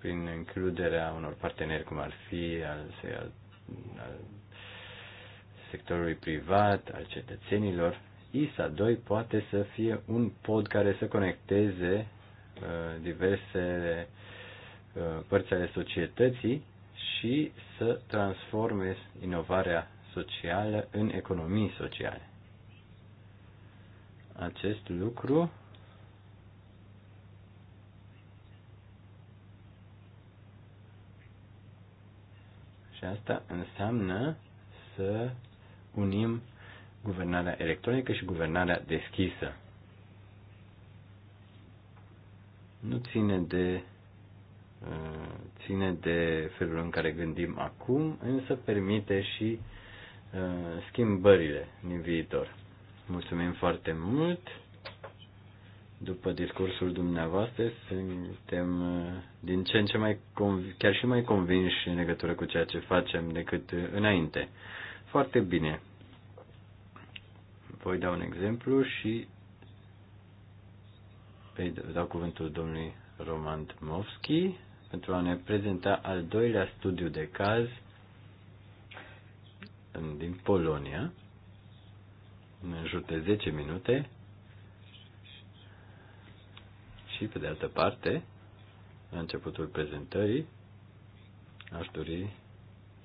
prin includerea unor parteneri cum ar fi al, al, al sectorului privat, al cetățenilor, ISA 2 poate să fie un pod care să conecteze uh, diverse uh, părți ale societății și să transforme inovarea socială în economii sociale. Acest lucru aceasta înseamnă să unim guvernarea electronică și guvernarea deschisă. Nu ține de uh, ține de felul în care gândim acum, însă permite și uh, schimbările din viitor. Mulțumim foarte mult! După discursul dumneavoastră, suntem uh, din ce în ce mai, chiar și mai convinși în legătură cu ceea ce facem decât uh, înainte. Foarte bine. Voi da un exemplu și îi dau cuvântul domnului Roman Tmovski pentru a ne prezenta al doilea studiu de caz din Polonia, în jur de 10 minute, și, pe de altă parte, la începutul prezentării, aș dori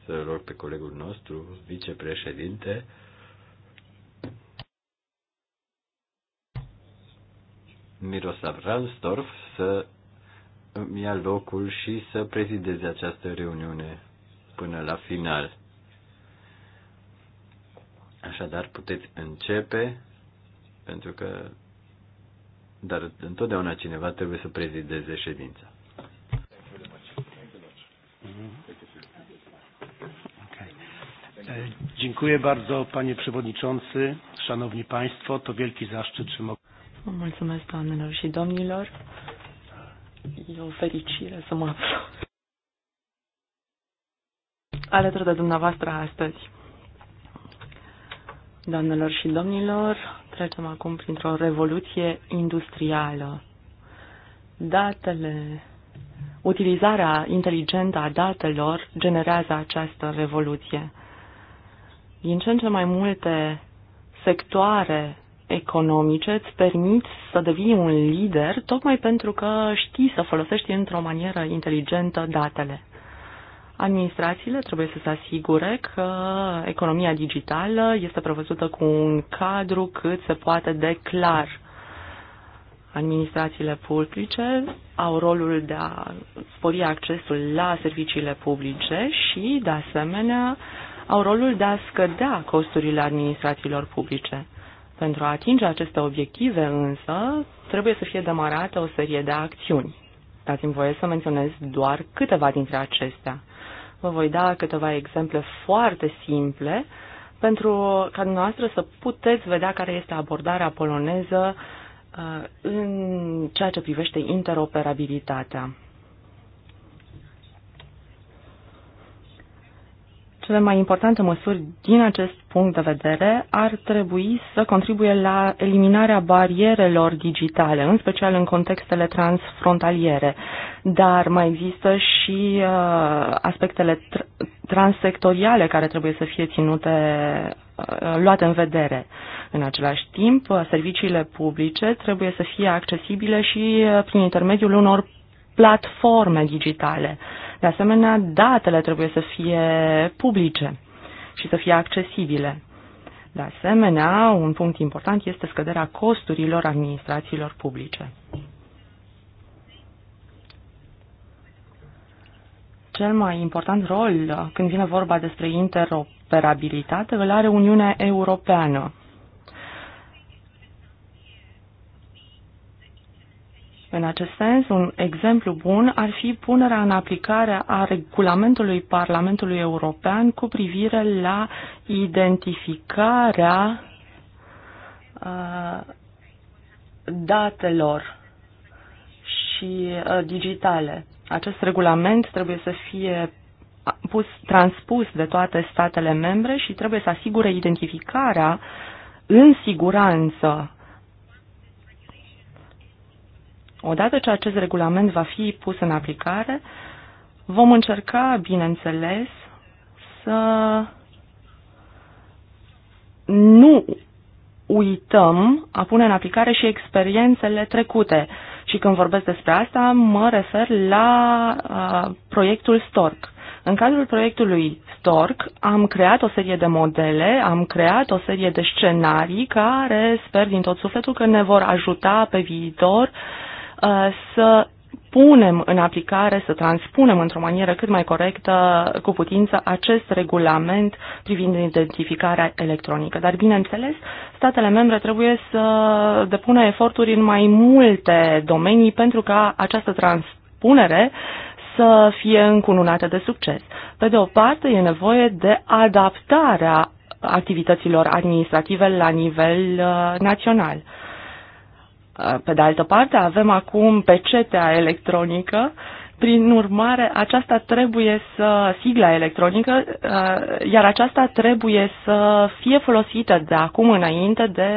să rog pe colegul nostru, vicepreședinte, Miroslav Ransdorf să îmi ia locul și să prezideze această reuniune până la final. Așadar, puteți începe, pentru că dar întotdeauna cineva trebuie să prezideze ședința. Mhm. Dziękuję bardzo panie przewodniczący, szanowni państwo, to wielki zaszczyt, że mogę. Mulțumesc doamnelor și domnilor. E o fericire să mă aflu alături de dumneavoastră astăzi. Doamnelor și domnilor, trecem acum printr-o revoluție industrială. Datele, utilizarea inteligentă a datelor generează această revoluție. Din ce în ce mai multe sectoare economice îți permit să devii un lider tocmai pentru că știi să folosești într-o manieră inteligentă datele. Administrațiile trebuie să se asigure că economia digitală este prevăzută cu un cadru cât se poate de clar. Administrațiile publice au rolul de a spori accesul la serviciile publice și, de asemenea, au rolul de a scădea costurile administrațiilor publice. Pentru a atinge aceste obiective, însă, trebuie să fie demarată o serie de acțiuni. Dați-mi voie să menționez doar câteva dintre acestea. Vă voi da câteva exemple foarte simple pentru ca dumneavoastră să puteți vedea care este abordarea poloneză uh, în ceea ce privește interoperabilitatea. cele mai importante măsuri din acest punct de vedere ar trebui să contribuie la eliminarea barierelor digitale, în special în contextele transfrontaliere. Dar mai există și uh, aspectele tr- transsectoriale care trebuie să fie ținute uh, luate în vedere. În același timp, serviciile publice trebuie să fie accesibile și uh, prin intermediul unor platforme digitale. De asemenea, datele trebuie să fie publice și să fie accesibile. De asemenea, un punct important este scăderea costurilor administrațiilor publice. Cel mai important rol când vine vorba despre interoperabilitate îl are Uniunea Europeană. În acest sens, un exemplu bun ar fi punerea în aplicare a regulamentului Parlamentului European cu privire la identificarea uh, datelor și uh, digitale. Acest regulament trebuie să fie pus, transpus de toate statele membre și trebuie să asigure identificarea în siguranță Odată ce acest regulament va fi pus în aplicare, vom încerca, bineînțeles, să nu uităm a pune în aplicare și experiențele trecute. Și când vorbesc despre asta, mă refer la uh, proiectul STORC. În cadrul proiectului STORC am creat o serie de modele, am creat o serie de scenarii care sper din tot sufletul că ne vor ajuta pe viitor uh, Uh, să punem în aplicare, să transpunem într-o manieră cât mai corectă cu putință acest regulament privind identificarea electronică. Dar, bineînțeles, statele membre trebuie să depună eforturi în mai multe domenii pentru ca această transpunere să fie încununată de succes. Pe de o parte, e nevoie de adaptarea activităților administrative la nivel uh, național. Uh, pe de altă parte, avem acum pecetea electronică, prin urmare, aceasta trebuie să, sigla electronică, uh, iar aceasta trebuie să fie folosită de acum înainte de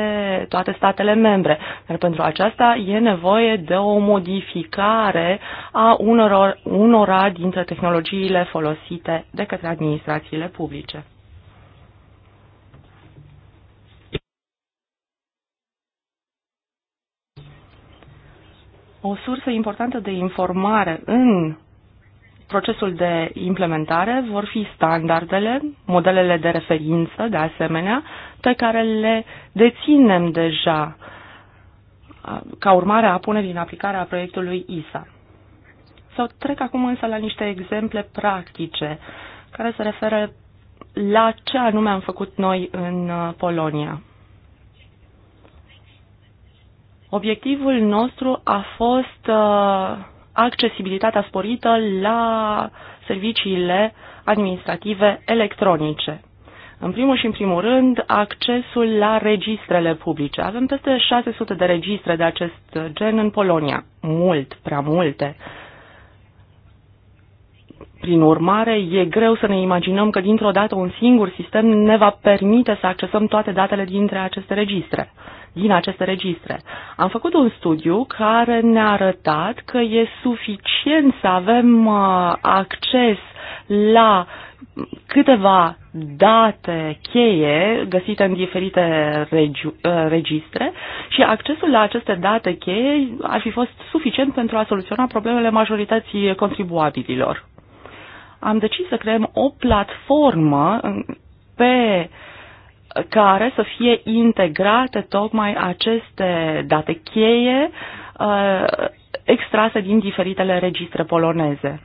toate statele membre. Dar pentru aceasta e nevoie de o modificare a unor, unora dintre tehnologiile folosite de către administrațiile publice. o sursă importantă de informare în procesul de implementare vor fi standardele, modelele de referință, de asemenea, pe care le deținem deja ca urmare a punerii în aplicare a proiectului ISA. Să trec acum însă la niște exemple practice care se referă la ce anume am făcut noi în Polonia. Obiectivul nostru a fost uh, accesibilitatea sporită la serviciile administrative electronice. În primul și în primul rând, accesul la registrele publice. Avem peste 600 de registre de acest gen în Polonia. Mult, prea multe. Prin urmare, e greu să ne imaginăm că dintr-o dată un singur sistem ne va permite să accesăm toate datele dintre aceste registre din aceste registre. Am făcut un studiu care ne-a arătat că e suficient să avem uh, acces la câteva date cheie găsite în diferite regi- uh, registre și accesul la aceste date cheie ar fi fost suficient pentru a soluționa problemele majorității contribuabililor. Am decis să creăm o platformă pe uh, care să fie integrate tocmai aceste date cheie uh, extrase din diferitele registre poloneze.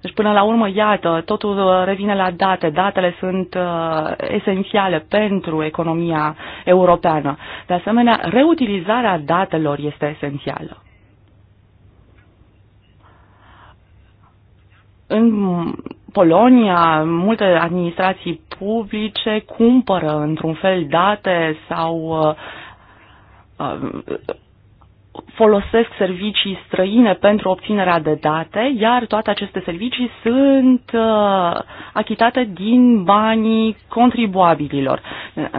Deci până la urmă, iată, totul uh, revine la date. Datele sunt uh, esențiale pentru economia europeană. De asemenea, reutilizarea datelor este esențială. în Polonia multe administrații publice cumpără într-un fel date sau uh, uh, folosesc servicii străine pentru obținerea de date, iar toate aceste servicii sunt uh, achitate din banii contribuabililor.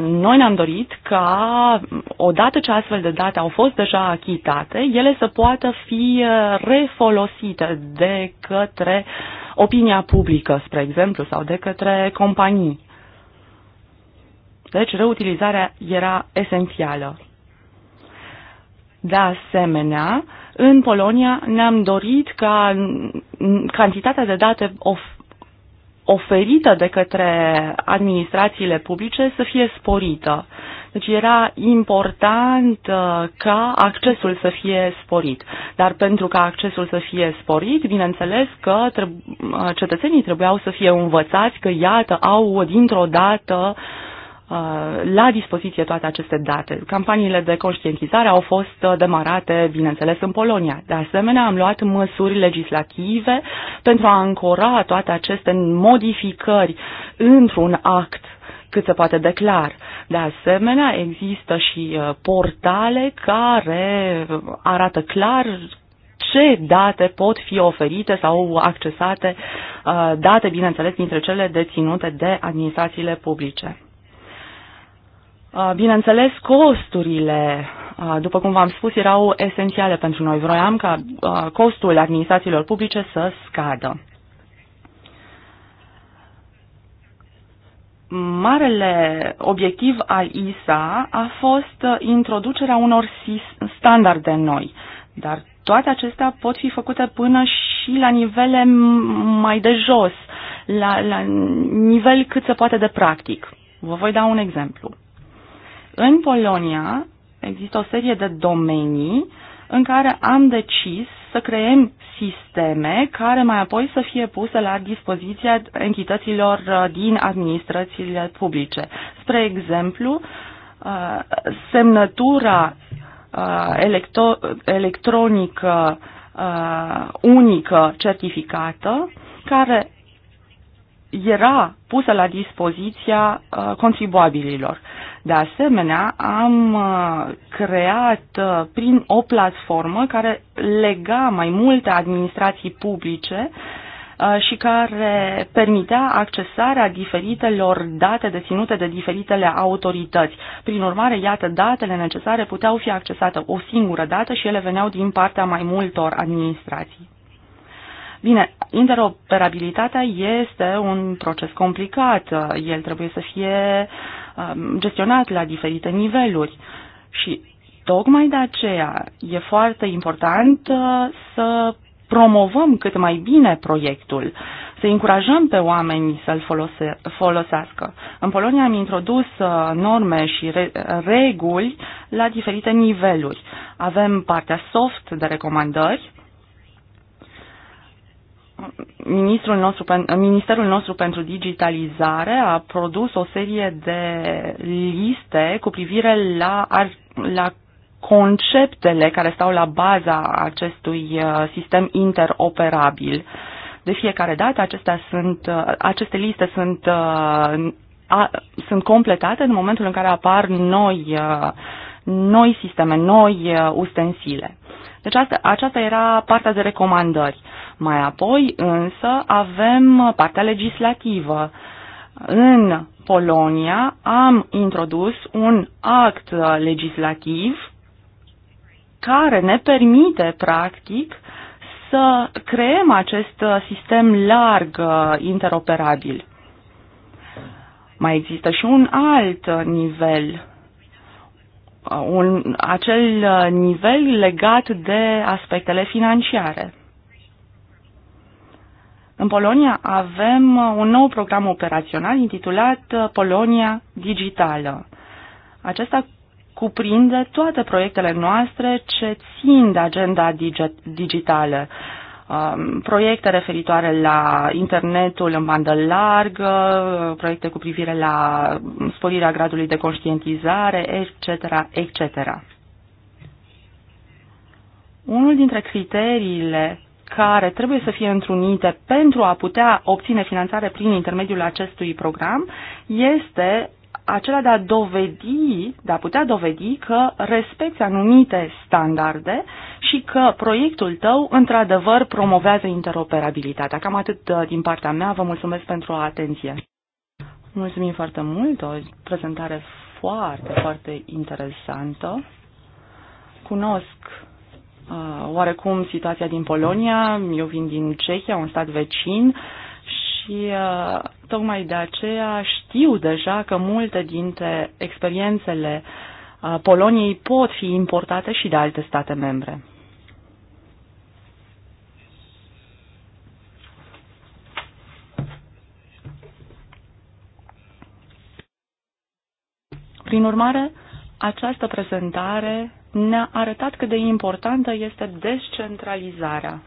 Noi ne-am dorit ca, odată ce astfel de date au fost deja achitate, ele să poată fi uh, refolosite de către uh, opinia publică, spre exemplu, sau de către companii. Deci reutilizarea era esențială. De asemenea, în Polonia ne-am dorit ca cantitatea de date of- oferită de către administrațiile publice să fie sporită. Deci era important uh, ca accesul să fie sporit. Dar pentru ca accesul să fie sporit, bineînțeles că uh, cetățenii trebuiau să fie învățați că, iată, au dintr-o dată uh, la dispoziție toate aceste date. Campaniile de conștientizare au fost demarate, bineînțeles, în Polonia. De asemenea, am luat măsuri legislative pentru a ancora toate aceste modificări într-un act cât se poate de clar. De asemenea, există și uh, portale care uh, arată clar ce date pot fi oferite sau accesate, uh, date, bineînțeles, dintre cele deținute de administrațiile publice. Bineînțeles, costurile, după cum v-am spus, erau esențiale pentru noi. Vroiam ca costul administrațiilor publice să scadă. marele obiectiv al ISA a fost uh, introducerea unor standarde noi, dar toate acestea pot fi făcute până și la nivele mai de jos, la, la nivel cât se poate de practic. Vă voi da un exemplu. În Polonia există o serie de domenii în care am decis să creăm sisteme care mai apoi să fie puse la dispoziția entităților uh, din administrațiile publice. Spre exemplu, uh, semnătura uh, electro- electronică unică certificată, care era pusă la dispoziția contribuabililor. De asemenea, am uh, creat uh, prin o platformă care lega mai multe administrații publice uh, și care permitea accesarea diferitelor date deținute de diferitele autorități. Prin urmare, iată, datele necesare puteau fi accesate o singură dată și ele veneau din partea mai multor administrații. Bine, interoperabilitatea este un proces complicat. El trebuie să fie uh, gestionat la diferite niveluri și tocmai de aceea e foarte important uh, să promovăm cât mai bine proiectul, să încurajăm pe oameni să-l folose, folosească. În Polonia am introdus uh, norme și re, reguli la diferite niveluri. Avem partea soft de recomandări, ministrul nostru, Ministerul nostru pentru digitalizare a produs o serie de liste cu privire la, la conceptele care stau la baza acestui uh, sistem interoperabil. De fiecare dată acestea sunt, uh, aceste liste sunt, uh, a, sunt completate în momentul în care apar noi, noi sisteme, noi ustensile. Deci asta, aceasta era partea de recomandări. Mai apoi însă avem partea legislativă. În Polonia am introdus un act legislativ care ne permite, practic, să creăm acest sistem larg interoperabil. Mai există și un alt nivel Uh, un, acel uh, nivel legat de aspectele financiare. În Polonia avem uh, un nou program operațional intitulat Polonia Digitală. Acesta cuprinde toate proiectele noastre ce țin de agenda digitală. Um, proiecte referitoare la internetul în bandă largă, proiecte cu privire la sporirea gradului de conștientizare, etc., etc. Unul dintre criteriile care trebuie să fie întrunite pentru a putea obține finanțare prin intermediul acestui program este acela de a dovedi, de a putea dovedi că respecti anumite standarde și că proiectul tău într-adevăr promovează interoperabilitatea. Cam atât uh, din partea mea, vă mulțumesc pentru atenție. Mulțumim foarte mult, o prezentare foarte, foarte interesantă. Cunosc uh, oarecum situația din Polonia, eu vin din Cehia, un stat vecin, uh, și uh, tocmai de aceea știu deja că multe dintre experiențele uh, Poloniei pot fi importate și de alte state membre. Prin urmare, această prezentare ne-a arătat cât de importantă este descentralizarea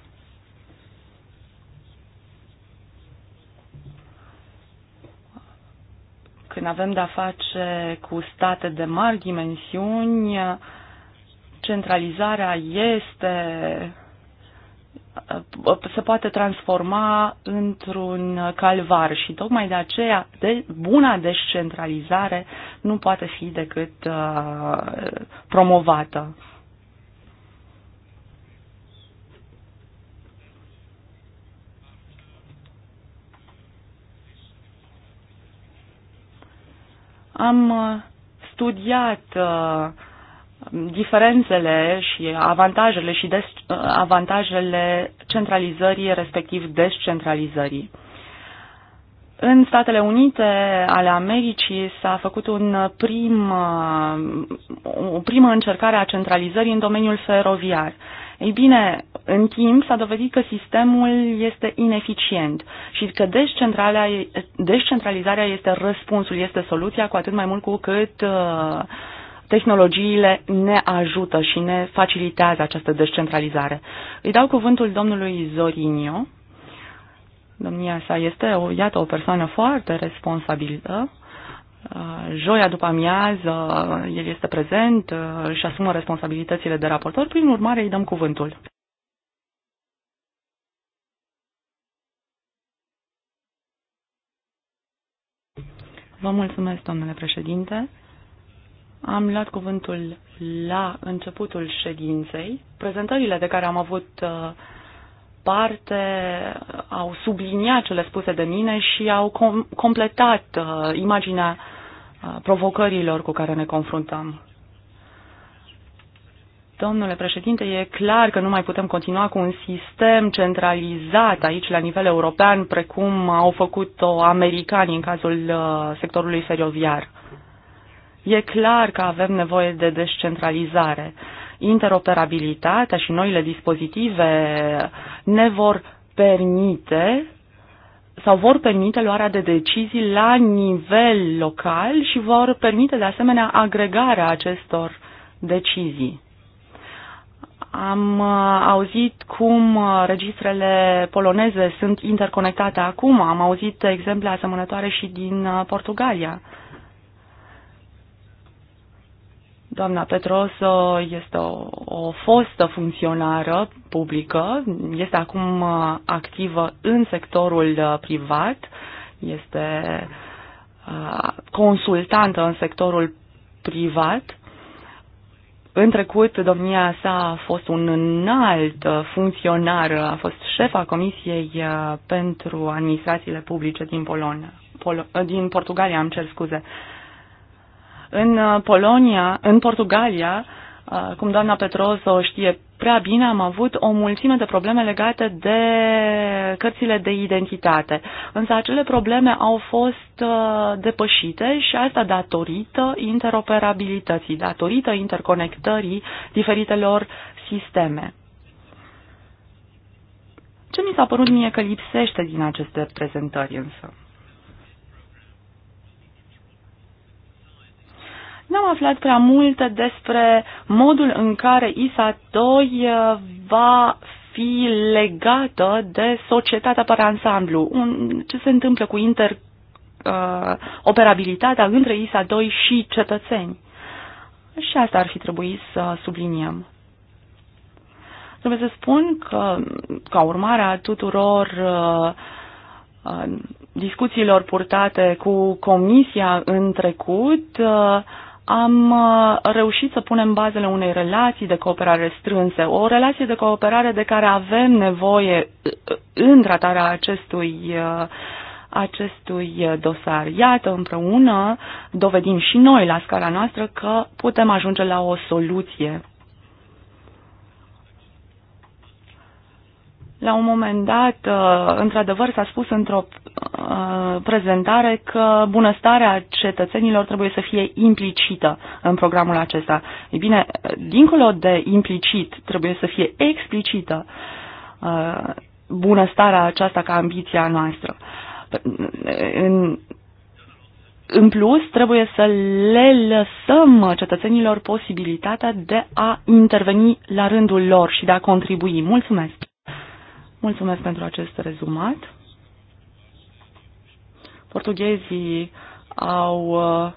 Când avem de-a face cu state de mari dimensiuni, centralizarea este se poate transforma într-un calvar și tocmai de aceea de, buna descentralizare nu poate fi decât uh, promovată. Am uh, studiat uh, diferențele și avantajele și uh, avantajele centralizării, respectiv descentralizării. În Statele Unite ale Americii s-a făcut un prim, o primă încercare a centralizării în domeniul feroviar. Ei bine, în timp s-a dovedit că sistemul este ineficient și că descentralizarea este răspunsul, este soluția, cu atât mai mult cu cât uh, tehnologiile ne ajută și ne facilitează această descentralizare. Îi dau cuvântul domnului Zorinio. Domnia sa este, o, iată, o persoană foarte responsabilă Uh, joia după amiază, uh, el este prezent, uh, își asumă responsabilitățile de raportor, prin urmare îi dăm cuvântul. Vă mulțumesc, domnule președinte. Am luat cuvântul la începutul ședinței. Prezentările de care am avut uh, parte au subliniat cele spuse de mine și au com- completat uh, imaginea uh, provocărilor cu care ne confruntăm. Domnule președinte, e clar că nu mai putem continua cu un sistem centralizat aici la nivel european, precum au făcut-o americanii în cazul uh, sectorului feroviar. E clar că avem nevoie de descentralizare interoperabilitatea și noile dispozitive ne vor permite sau vor permite luarea de decizii la nivel local și vor permite de asemenea agregarea acestor decizii. Am uh, auzit cum uh, registrele poloneze sunt interconectate acum, am auzit exemple asemănătoare și din uh, Portugalia. Doamna Petroso este o, o fostă funcționară publică, este acum uh, activă în sectorul uh, privat, este uh, consultantă în sectorul privat. În trecut, domnia sa a fost un înalt funcționar, a fost șefa Comisiei pentru Administrațiile Publice din Polonia, Pol- din Portugalia, am cer scuze. Uh, în uh, Polonia, în Portugalia, uh, cum doamna Petrozo știe prea bine, am avut o mulțime de probleme legate de cărțile de identitate. Însă acele probleme au fost uh, depășite și asta datorită interoperabilității, datorită interconectării diferitelor sisteme. Ce mi s-a părut mie că lipsește din aceste prezentări însă? N-am aflat prea multe despre modul în care ISA 2 uh, va fi legată de societatea pe ansamblu. Un, ce se întâmplă cu inter uh, operabilitatea între ISA 2 și cetățeni. Și asta ar fi trebuit să subliniem. Trebuie să spun că, ca urmare a tuturor uh, uh, discuțiilor purtate cu Comisia în trecut, uh, am uh, reușit să punem bazele unei relații de cooperare strânse, o relație de cooperare de care avem nevoie uh, uh, în tratarea acestui, acestui dosar. Iată, împreună dovedim și noi la scara noastră că putem ajunge la o soluție La un moment dat, uh, într-adevăr, s-a spus într-o uh, prezentare că bunăstarea cetățenilor trebuie să fie implicită în programul acesta. Ei bine, dincolo de implicit, trebuie să fie explicită uh, bunăstarea aceasta ca ambiția noastră. În, în plus, trebuie să le lăsăm cetățenilor posibilitatea de a interveni la rândul lor și de a contribui. Mulțumesc! Mulțumesc pentru acest rezumat. Portughezii au uh,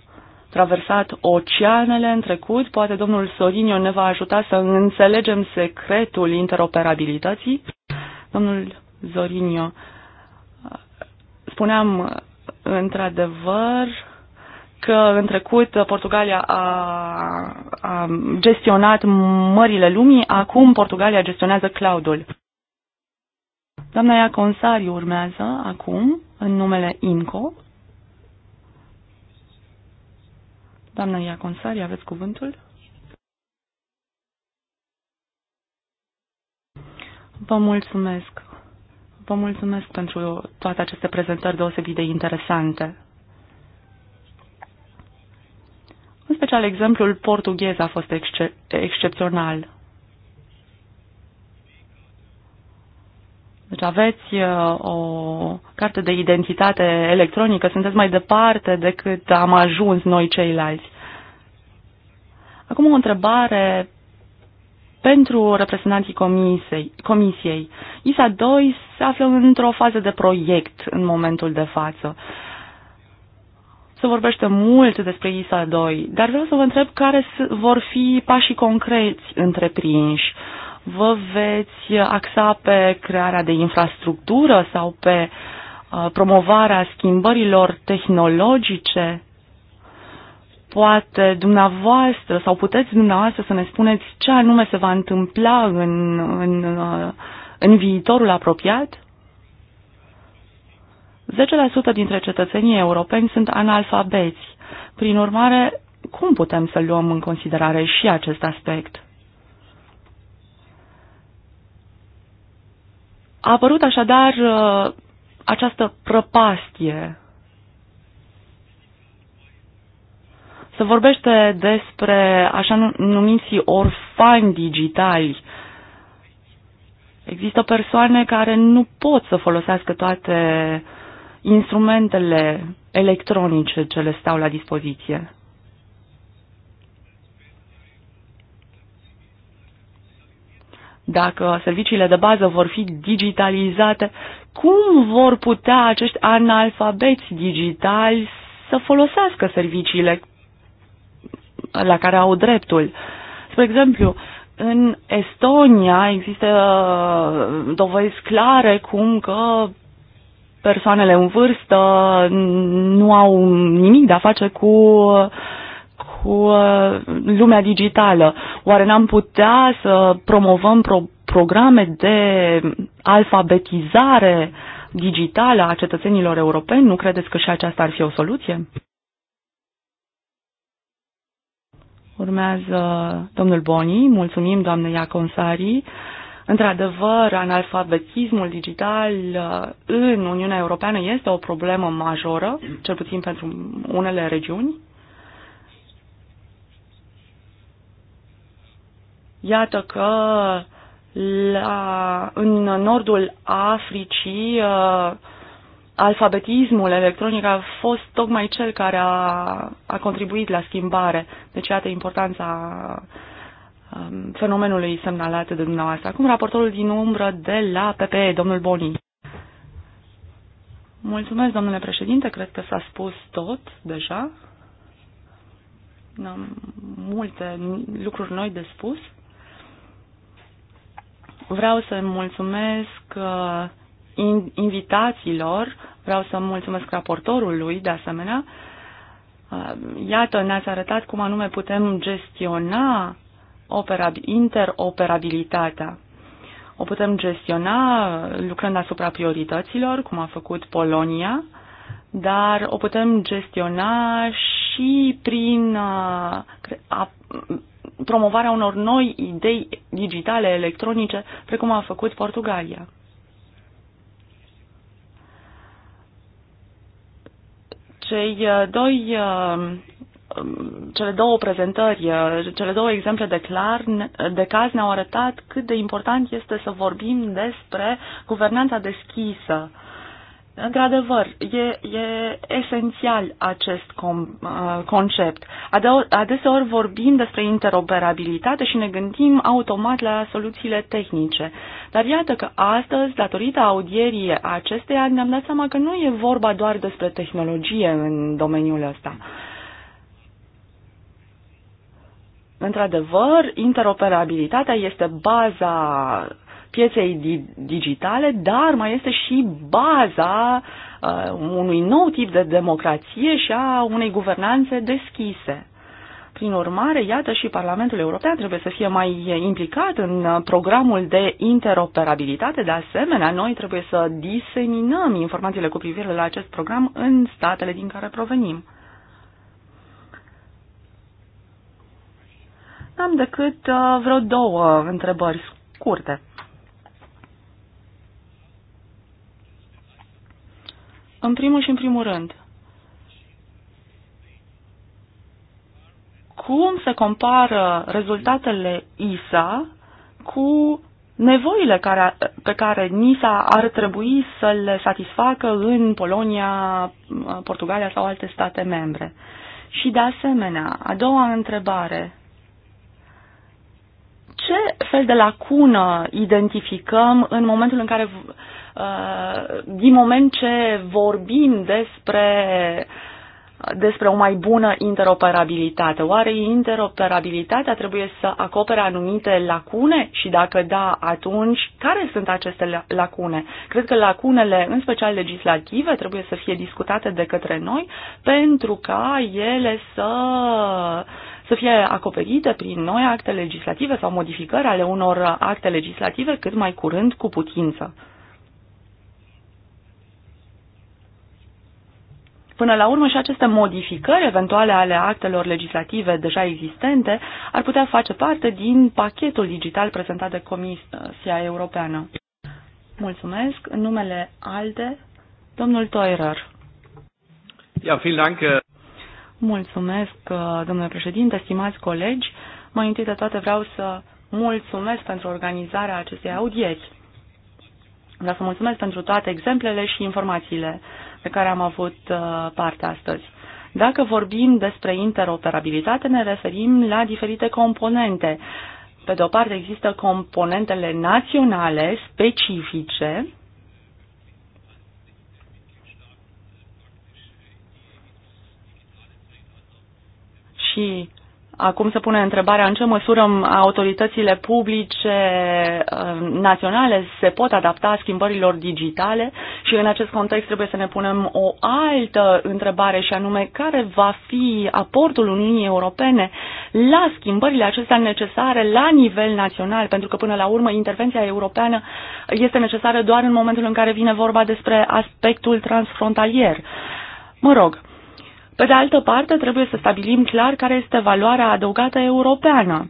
traversat oceanele în trecut. Poate domnul Sorinio ne va ajuta să înțelegem secretul interoperabilității. Domnul Zorinio, uh, spuneam uh, într-adevăr că în trecut Portugalia a, a gestionat mările lumii, acum Portugalia gestionează cloudul. Doamna Iaconsari urmează acum în numele INCO. Doamna Consari, aveți cuvântul? Vă mulțumesc. Vă mulțumesc pentru toate aceste prezentări deosebit de interesante. În special, exemplul portughez a fost excep- excepțional. Deci aveți uh, o carte de identitate electronică, sunteți mai departe decât am ajuns noi ceilalți. Acum o întrebare pentru reprezentanții comisiei, comisiei. ISA 2 se află într-o fază de proiect în momentul de față. Se vorbește mult despre ISA 2, dar vreau să vă întreb care vor fi pașii concreți întreprinși. Uh, vă veți axa pe crearea de infrastructură sau pe uh, promovarea schimbărilor tehnologice? Poate dumneavoastră sau puteți dumneavoastră să ne spuneți ce anume se va întâmpla în, în, uh, în viitorul apropiat? 10% dintre cetățenii europeni sunt analfabeți. Prin urmare, cum putem să luăm în considerare și acest aspect? A apărut așadar uh, această prăpastie. Se vorbește despre așa numiții orfani digitali. Există persoane care nu pot să folosească toate instrumentele electronice ce le stau la dispoziție. dacă serviciile de bază vor fi digitalizate, cum vor putea acești analfabeți digitali să folosească serviciile la care au dreptul? Spre exemplu, în Estonia există dovezi clare cum că persoanele în vârstă nu au nimic de a face cu uh, cu uh, lumea digitală. Oare n-am putea să promovăm pro programe de alfabetizare digitală a cetățenilor europeni? Nu credeți că și aceasta ar fi o soluție? Urmează domnul Boni. Mulțumim, doamne Iaconsari. Într-adevăr, analfabetismul digital uh, în Uniunea Europeană este o problemă majoră, cel puțin pentru unele regiuni. Iată că la, în nordul Africii uh, alfabetismul electronic a fost tocmai cel care a, a contribuit la schimbare. Deci, iată importanța um, fenomenului semnalat de dumneavoastră. Acum raportorul din umbră de la PPE, domnul Boni. Mulțumesc, domnule președinte, cred că s-a spus tot deja. Am multe lucruri noi de spus. Vreau să mulțumesc uh, invitațiilor, vreau să mulțumesc raportorului de asemenea. Uh, iată, ne-ați arătat cum anume putem gestiona interoperabilitatea. O putem gestiona uh, lucrând asupra priorităților, cum a făcut Polonia, dar o putem gestiona și prin promovarea unor noi idei digitale electronice, precum a făcut Portugalia. Cei uh, doi, uh, um, cele două prezentări, uh, cele două exemple de, clar, de caz ne-au arătat cât de important este să vorbim despre guvernanța deschisă Într-adevăr, e, e esențial acest com, uh, concept. Adeseori vorbim despre interoperabilitate și ne gândim automat la soluțiile tehnice. Dar iată că astăzi, datorită audierii acesteia, ne-am dat seama că nu e vorba doar despre tehnologie în domeniul ăsta. Într-adevăr, interoperabilitatea este baza pieței digitale, dar mai este și baza uh, unui nou tip de democrație și a unei guvernanțe deschise. Prin urmare, iată și Parlamentul European trebuie să fie mai implicat în uh, programul de interoperabilitate. De asemenea, noi trebuie să diseminăm informațiile cu privire la acest program în statele din care provenim. N-am decât uh, vreo două întrebări scurte. În primul și în primul rând, cum se compară rezultatele ISA cu nevoile care, pe care NISA ar trebui să le satisfacă în Polonia, Portugalia sau alte state membre. Și de asemenea, a doua întrebare. Ce fel de lacună identificăm în momentul în care Uh, din moment ce vorbim despre despre o mai bună interoperabilitate. Oare interoperabilitatea trebuie să acopere anumite lacune? Și dacă da, atunci care sunt aceste lacune? Cred că lacunele, în special legislative, trebuie să fie discutate de către noi pentru ca ele să să fie acoperite prin noi acte legislative sau modificări ale unor acte legislative cât mai curând cu putință. Până la urmă și aceste modificări eventuale ale actelor legislative deja existente ar putea face parte din pachetul digital prezentat de Comisia Europeană. Mulțumesc. În numele ALDE, domnul Toirer. Ja, vielen Dank. Äh, mulțumesc, äh, domnule președinte, stimați colegi. Mai întâi de toate vreau să mulțumesc pentru organizarea acestei audieri. Vreau să mulțumesc pentru toate exemplele și informațiile de care am avut uh, parte astăzi. Dacă vorbim despre interoperabilitate, ne referim la diferite componente. Pe de o parte există componentele naționale specifice, și Acum se pune întrebarea în ce măsură autoritățile publice uh, naționale se pot adapta schimbărilor digitale și în acest context trebuie să ne punem o altă întrebare și anume care va fi aportul Uniunii Europene la schimbările acestea necesare la nivel național, pentru că până la urmă intervenția europeană este necesară doar în momentul în care vine vorba despre aspectul transfrontalier. Mă rog, pe de altă parte, trebuie să stabilim clar care este valoarea adăugată europeană.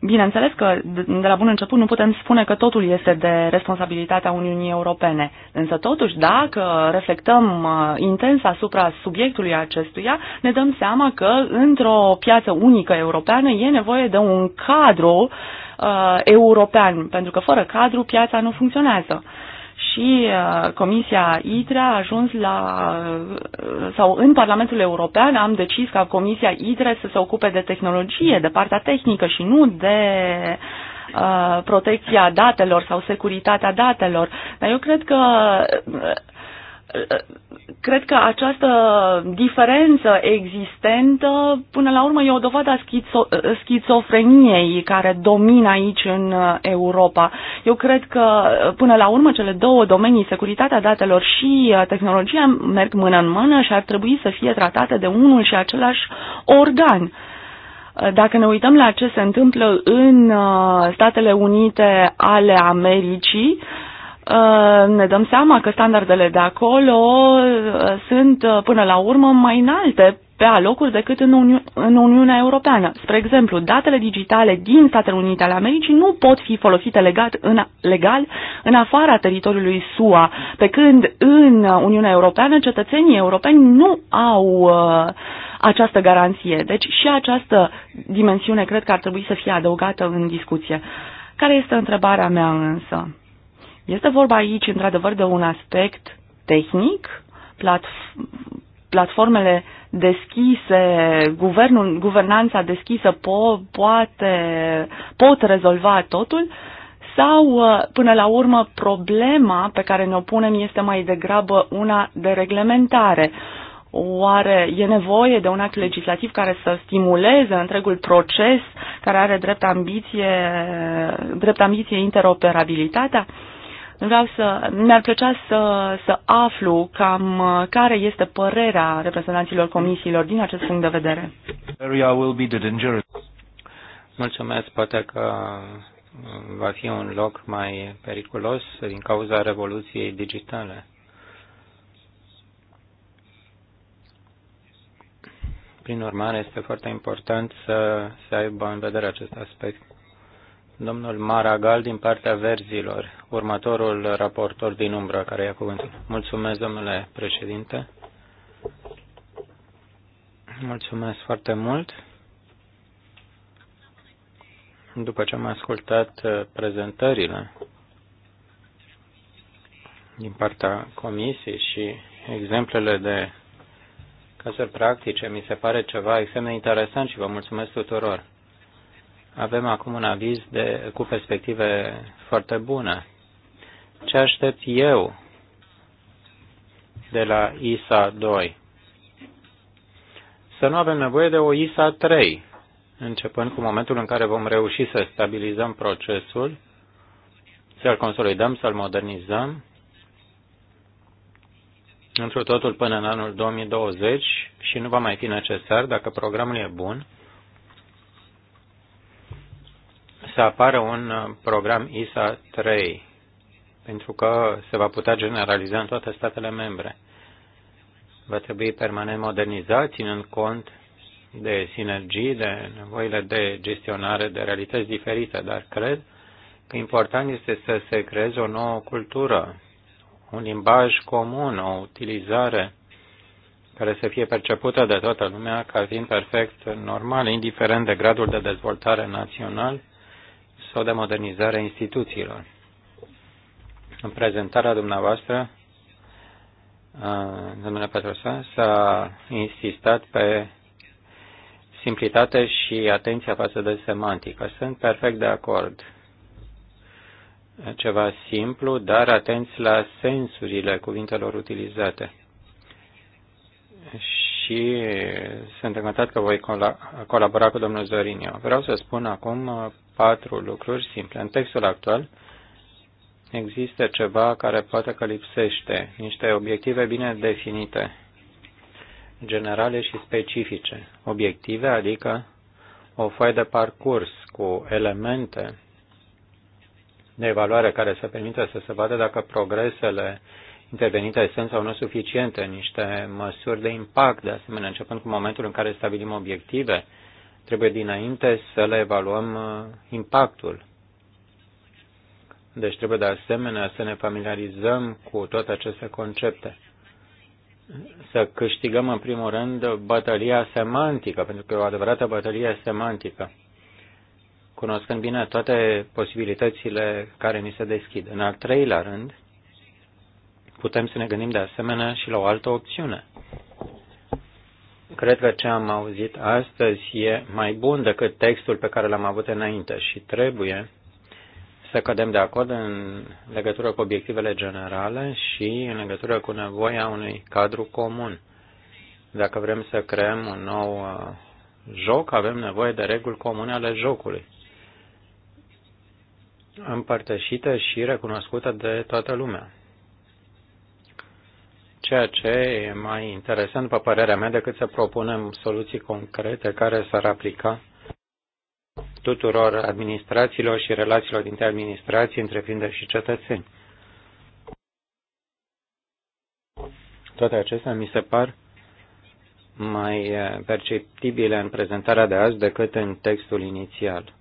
Bineînțeles că de la bun început nu putem spune că totul este de responsabilitatea Uniunii Europene, însă totuși dacă reflectăm uh, intens asupra subiectului acestuia, ne dăm seama că într-o piață unică europeană e nevoie de un cadru uh, european, pentru că fără cadru piața nu funcționează. Uh, și uh, Comisia ITRE a ajuns la, uh, sau în Parlamentul European am decis ca Comisia ITRE să se ocupe de tehnologie, de partea tehnică și nu de uh, protecția datelor sau securitatea datelor. Dar eu cred că cred că această diferență existentă, până la urmă, e o dovadă a schizofreniei care domină aici în Europa. Eu cred că, până la urmă, cele două domenii, securitatea datelor și uh, tehnologia, merg mână în mână și ar trebui să fie tratate de unul și același organ. Dacă ne uităm la ce se întâmplă în uh, Statele Unite ale Americii, Uh, ne dăm seama că standardele de acolo uh, sunt uh, până la urmă mai înalte pe alocuri decât în, Uni- în Uniunea Europeană. Spre exemplu, datele digitale din Statele Unite ale Americii nu pot fi folosite legat în, legal în afara teritoriului SUA, pe când în Uniunea Europeană cetățenii europeni nu au uh, această garanție. Deci și această dimensiune cred că ar trebui să fie adăugată în discuție. Care este întrebarea mea însă? Este vorba aici, într-adevăr, de un aspect tehnic, platf- platformele deschise, guvernul, guvernanța deschisă po- poate, pot rezolva totul sau, uh, până la urmă, problema pe care ne-o punem este mai degrabă una de reglementare. Oare e nevoie de un act legislativ care să stimuleze întregul proces care are drept ambiție, drept ambiție interoperabilitatea? Uh, Vreau să, mi-ar plăcea să, să aflu cam uh, care este părerea reprezentanților comisiilor din acest punct de vedere. Mulțumesc, poate că uh, va fi un loc mai periculos din cauza revoluției digitale. Prin urmare, este foarte important să se aibă în vedere acest aspect. Domnul Maragal din partea verzilor, următorul raportor din umbră care ia cuvântul. Mulțumesc, domnule președinte. Mulțumesc foarte mult. După ce am ascultat uh, prezentările din partea comisiei și exemplele de cazuri practice, mi se pare ceva extrem de interesant și vă mulțumesc tuturor avem acum un aviz de, cu perspective foarte bune. Ce aștept eu de la ISA 2? Să nu avem nevoie de o ISA 3, începând cu momentul în care vom reuși să stabilizăm procesul, să-l consolidăm, să-l modernizăm, într totul până în anul 2020 și nu va mai fi necesar, dacă programul e bun, să apară un uh, program ISA 3, pentru că se va putea generaliza în toate statele membre. Va trebui permanent modernizat, ținând cont de sinergii, de nevoile de gestionare, de realități diferite, dar cred că important este să se creeze o nouă cultură, un limbaj comun, o utilizare care să fie percepută de toată lumea ca fiind perfect normal, indiferent de gradul de dezvoltare național sau de modernizare a instituțiilor. În prezentarea dumneavoastră, domnule Petrosa, s-a insistat pe simplitate și atenția față de semantică. Sunt perfect de acord. Ceva simplu, dar atenți la sensurile cuvintelor utilizate. Și sunt încântat că voi colabora cu domnul Zorinio. Vreau să spun acum patru lucruri simple. În textul actual există ceva care poate că lipsește, niște obiective bine definite, generale și specifice. Obiective, adică o foaie de parcurs cu elemente de evaluare care să permită să se vadă dacă progresele intervenite sunt sau nu suficiente, niște măsuri de impact, de asemenea, începând cu momentul în care stabilim obiective, Trebuie dinainte să le evaluăm uh, impactul. Deci trebuie de asemenea să ne familiarizăm cu toate aceste concepte. Să câștigăm în primul rând bătălia semantică, pentru că e o adevărată bătălie semantică cunoscând bine toate posibilitățile care ni se deschid. În al treilea rând, putem să ne gândim de asemenea și la o altă opțiune. Cred că ce am auzit astăzi e mai bun decât textul pe care l-am avut înainte și trebuie să cădem de acord în legătură cu obiectivele generale și în legătură cu nevoia unui cadru comun. Dacă vrem să creăm un nou uh, joc, avem nevoie de reguli comune ale jocului, împărtășită și recunoscută de toată lumea ceea ce e mai interesant, după părerea mea, decât să propunem soluții concrete care s-ar aplica tuturor administrațiilor și relațiilor dintre administrații, întreprinderi și cetățeni. Toate acestea mi se par mai eh, perceptibile în prezentarea de azi decât în textul inițial.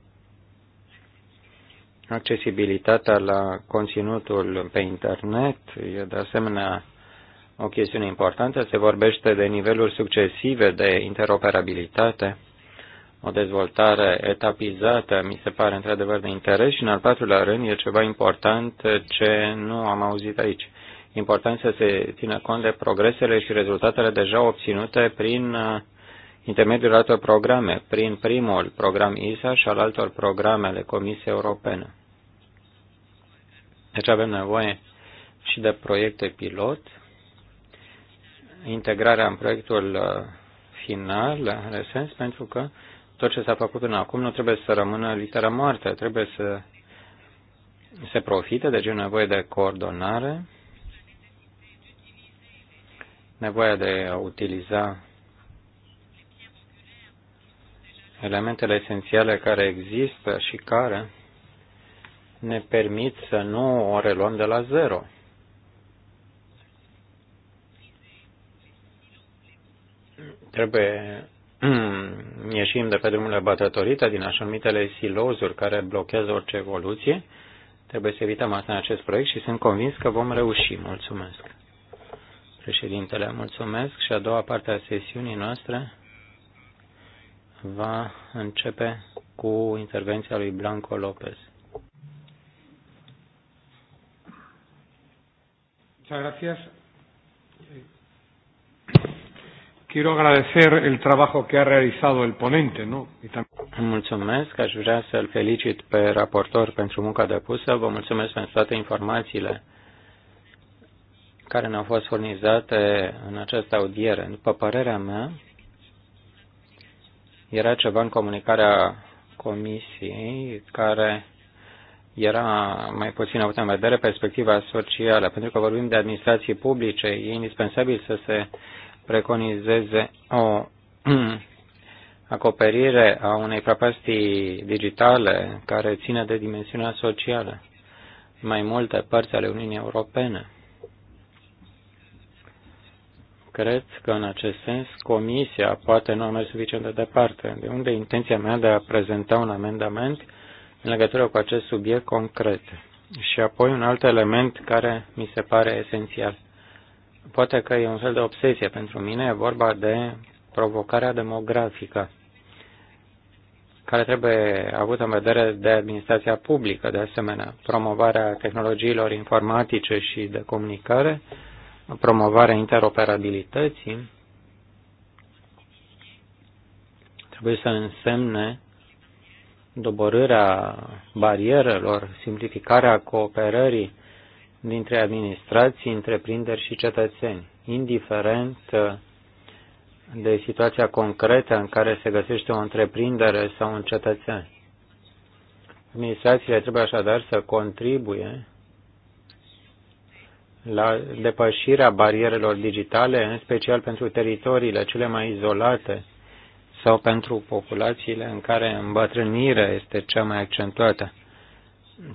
Accesibilitatea la conținutul pe internet e de asemenea o chestiune importantă. Se vorbește de niveluri succesive de interoperabilitate, o dezvoltare etapizată, mi se pare într-adevăr de interes și, în al patrulea rând, e ceva important ce nu am auzit aici. Important să se țină cont de progresele și rezultatele deja obținute prin uh, intermediul altor programe, prin primul program ISA și al altor programe ale Comisiei Europene. Deci avem nevoie și de proiecte pilot integrarea în proiectul uh, final, în sens, pentru că tot ce s-a făcut până acum nu trebuie să rămână litera moarte, trebuie să se profite, deci e nevoie de coordonare, nevoia de a utiliza elementele esențiale care există și care ne permit să nu o reluăm de la zero. Trebuie ieșim de pe drumurile bătătorite din așa numitele silozuri care blochează orice evoluție. Trebuie să evităm asta în acest proiect și sunt convins că vom reuși. Mulțumesc. Președintele, mulțumesc și a doua parte a sesiunii noastre va începe cu intervenția lui Blanco Lopez. Muchas gracias. Quiero agradecer el trabajo que ha realizado el ponente, ¿no? Y también... Mulțumesc, aș vrea să-l felicit pe raportor pentru munca depusă. Vă mulțumesc pentru toate informațiile care ne-au fost furnizate în această audiere. După părerea mea, era ceva în comunicarea comisiei care era mai puțin avut în vedere perspectiva socială, pentru că vorbim de administrații publice, e indispensabil să se preconizeze o acoperire a unei prăpastii digitale care ține de dimensiunea socială în mai multe părți ale Uniunii Europene. Cred că în acest sens Comisia poate nu a mers suficient de departe, de unde intenția mea de a prezenta un amendament în legătură cu acest subiect concret. Și apoi un alt element care mi se pare esențial – Poate că e un fel de obsesie pentru mine, e vorba de provocarea demografică care trebuie avută în vedere de administrația publică, de asemenea, promovarea tehnologiilor informatice și de comunicare, promovarea interoperabilității, trebuie să însemne doborârea barierelor, simplificarea cooperării dintre administrații, întreprinderi și cetățeni, indiferent uh, de situația concretă în care se găsește o întreprindere sau un cetățean. Administrațiile trebuie așadar să contribuie la depășirea barierelor digitale, în special pentru teritoriile cele mai izolate sau pentru populațiile în care îmbătrânirea este cea mai accentuată.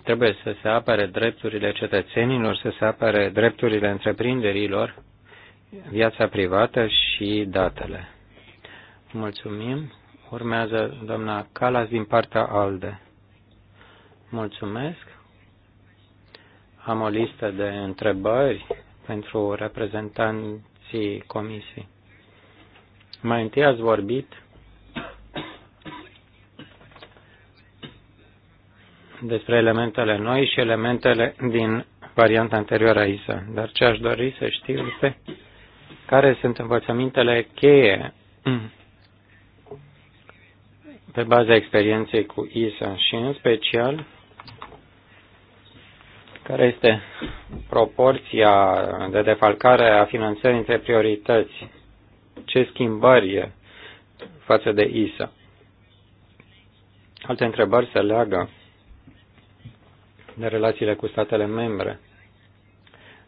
Trebuie să se apere drepturile cetățenilor, să se apere drepturile întreprinderilor, viața privată și datele. Mulțumim. Urmează doamna Calas din partea ALDE. Mulțumesc. Am o listă de întrebări pentru reprezentanții comisiei. Mai întâi ați vorbit despre elementele noi și elementele din varianta anterioară a ISA. Dar ce aș dori să știu este care sunt învățămintele cheie pe baza experienței cu ISA și în special care este proporția de defalcare a finanțării între priorități, ce schimbări față de ISA. Alte întrebări se leagă de relațiile cu statele membre.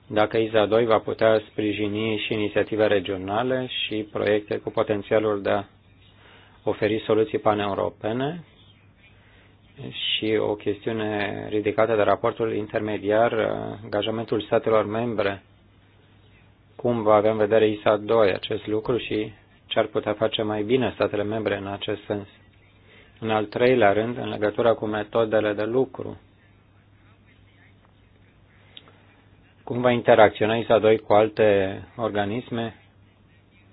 Dacă ISA 2 va putea sprijini și inițiative regionale și proiecte cu potențialul de a oferi soluții paneuropene și o chestiune ridicată de raportul intermediar, angajamentul statelor membre, cum va avea în vedere ISA 2 acest lucru și ce ar putea face mai bine statele membre în acest sens. În al treilea rând, în legătură cu metodele de lucru, cum va interacționa ISA-2 cu alte organisme,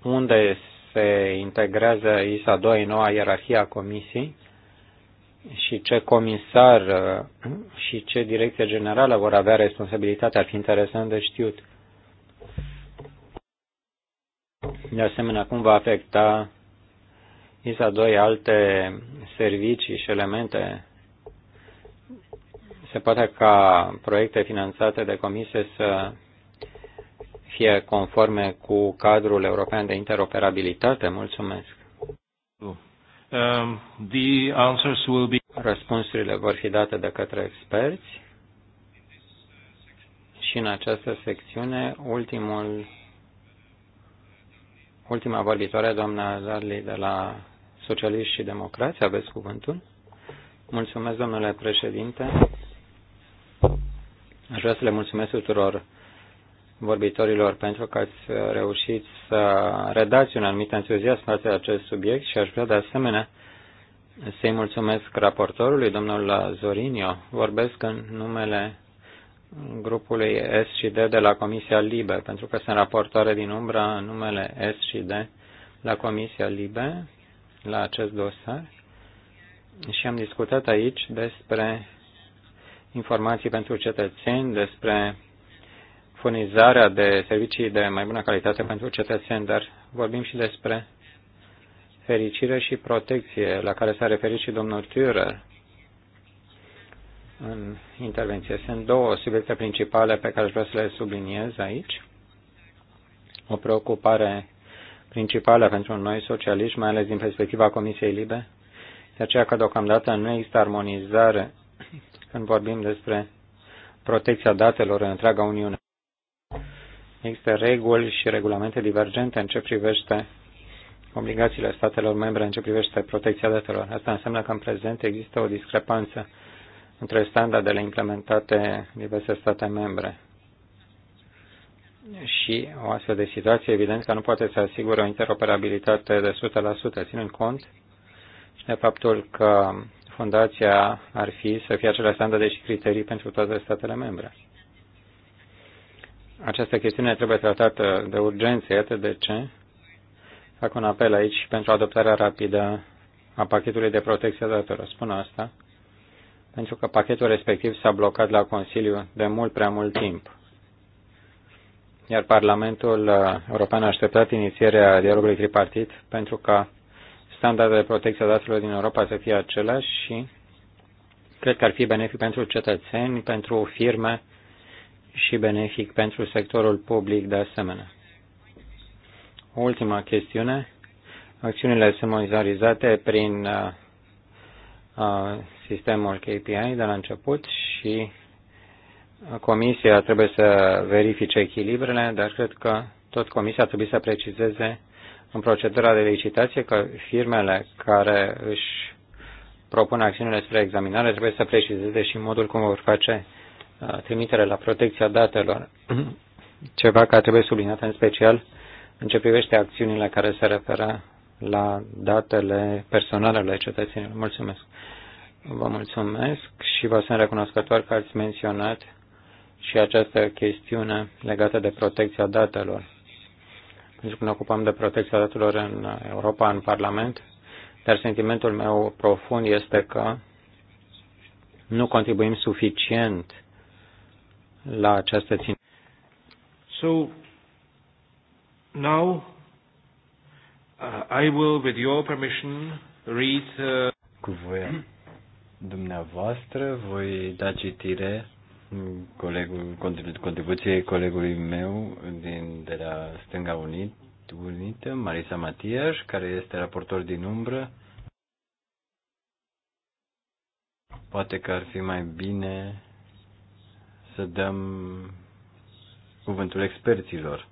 unde se integrează ISA-2 în noua ierarhie a comisiei și ce comisar uh, și ce direcție generală vor avea responsabilitatea. Ar fi interesant de știut. De asemenea, cum va afecta ISA 2 alte servicii și elemente se poate ca proiecte finanțate de comisie să fie conforme cu cadrul european de interoperabilitate? Mulțumesc. Oh. Um, the answers will be... Răspunsurile vor fi date de către experți și în această secțiune ultimul, ultima vorbitoare, doamna Zarli de la Socialiști și Democrați, aveți cuvântul. Mulțumesc, domnule președinte. Aș vrea să le mulțumesc tuturor vorbitorilor pentru că ați reușit să redați un anumit entuziasm față de acest subiect și aș vrea de asemenea să-i mulțumesc raportorului, domnul Zorinio. Vorbesc în numele grupului S și D de la Comisia Libe, pentru că sunt raportoare din umbra în numele S și D la Comisia Libe, la acest dosar. Și am discutat aici despre informații pentru cetățeni despre furnizarea de servicii de mai bună calitate pentru cetățeni, dar vorbim și despre fericire și protecție, la care s-a referit și domnul Thürer în intervenție. Sunt două subiecte principale pe care aș vrea să le subliniez aici. O preocupare principală pentru noi socialiști, mai ales din perspectiva Comisiei Libe, de aceea că deocamdată nu există armonizare când vorbim despre protecția datelor în întreaga Uniune. Există reguli și regulamente divergente în ce privește obligațiile statelor membre în ce privește protecția datelor. Asta înseamnă că în prezent există o discrepanță între standardele implementate în diverse state membre. Și o astfel de situație, evident, că nu poate să asigure o interoperabilitate de 100%, ținând cont și de faptul că fundația ar fi să fie acele standarde și criterii pentru toate statele membre. Această chestiune trebuie tratată de urgență, iată de ce. Fac un apel aici pentru adoptarea rapidă a pachetului de protecție datelor. Spun asta pentru că pachetul respectiv s-a blocat la Consiliu de mult prea mult timp. Iar Parlamentul European a așteptat inițierea dialogului tripartit pentru ca standardele de protecție a datelor din Europa să fie aceleași și cred că ar fi benefic pentru cetățeni, pentru firme și benefic pentru sectorul public de asemenea. Ultima chestiune. Acțiunile sunt monitorizate prin uh, uh, sistemul KPI de la început și comisia trebuie să verifice echilibrele, dar cred că tot comisia trebuie să precizeze în procedura de licitație că firmele care își propun acțiunile spre examinare trebuie să precizeze și modul cum vor face uh, trimitere la protecția datelor, ceva care trebuie subliniat în special în ce privește acțiunile care se referă la datele personale ale cetățenilor. Mulțumesc! Vă mulțumesc și vă sunt recunoscător că ați menționat și această chestiune legată de protecția datelor pentru deci când ne ocupăm de protecția datelor în Europa, în Parlament, dar sentimentul meu profund este că nu contribuim suficient la această ținere. So, now uh, I will, with your permission, read... Uh... Cu voia dumneavoastră voi da citire colegul, contribuție colegului meu din, de la Stânga Unit, Unită, Marisa Matias, care este raportor din umbră. Poate că ar fi mai bine să dăm cuvântul experților.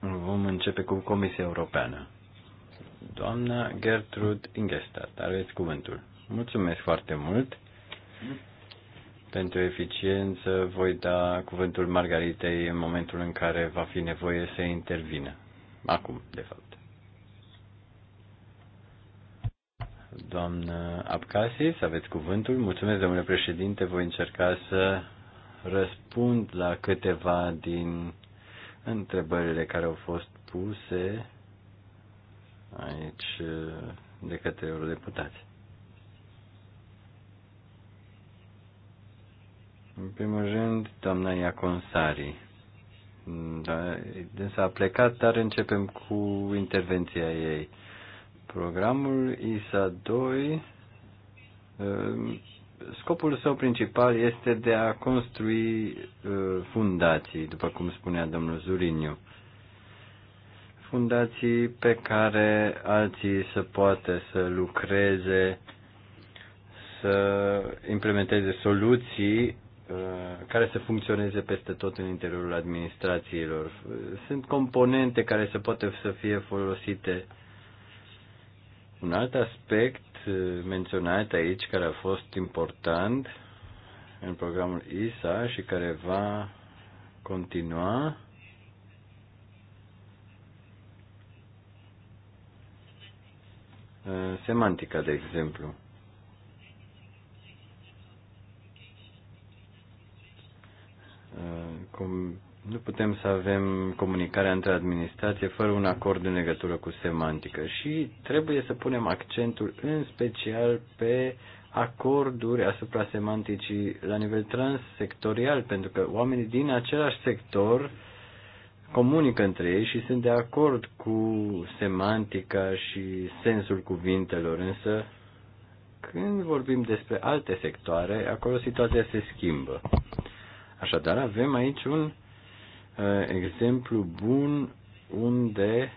Vom începe cu Comisia Europeană. Doamna Gertrud Ingestat. aveți cuvântul. Mulțumesc foarte mult. Pentru eficiență voi da cuvântul Margaritei în momentul în care va fi nevoie să intervină. Acum, de fapt. Doamnă Abcasis, aveți cuvântul. Mulțumesc, domnule președinte. Voi încerca să răspund la câteva din întrebările care au fost puse aici uh, de către eurodeputați. În primul rând, doamna Iaconsari. Da, însă a plecat, dar începem cu intervenția ei. Programul ISA 2, uh, scopul său principal este de a construi uh, fundații, după cum spunea domnul Zuriniu fundații pe care alții să poată să lucreze, să implementeze soluții uh, care să funcționeze peste tot în interiorul administrațiilor. Sunt componente care se poate să fie folosite. Un alt aspect uh, menționat aici, care a fost important în programul ISA și care va continua, Eh, semantica, de exemplu. Eh, Cum nu putem să avem comunicarea între administrație fără un acord în legătură cu semantică și trebuie să punem accentul în special pe acorduri asupra semanticii la nivel transsectorial, pentru că oamenii din același sector uh, comunică între ei și sunt de acord cu semantica și sensul cuvintelor, însă când vorbim despre alte sectoare, acolo situația se schimbă. Așadar, avem aici un uh, exemplu bun unde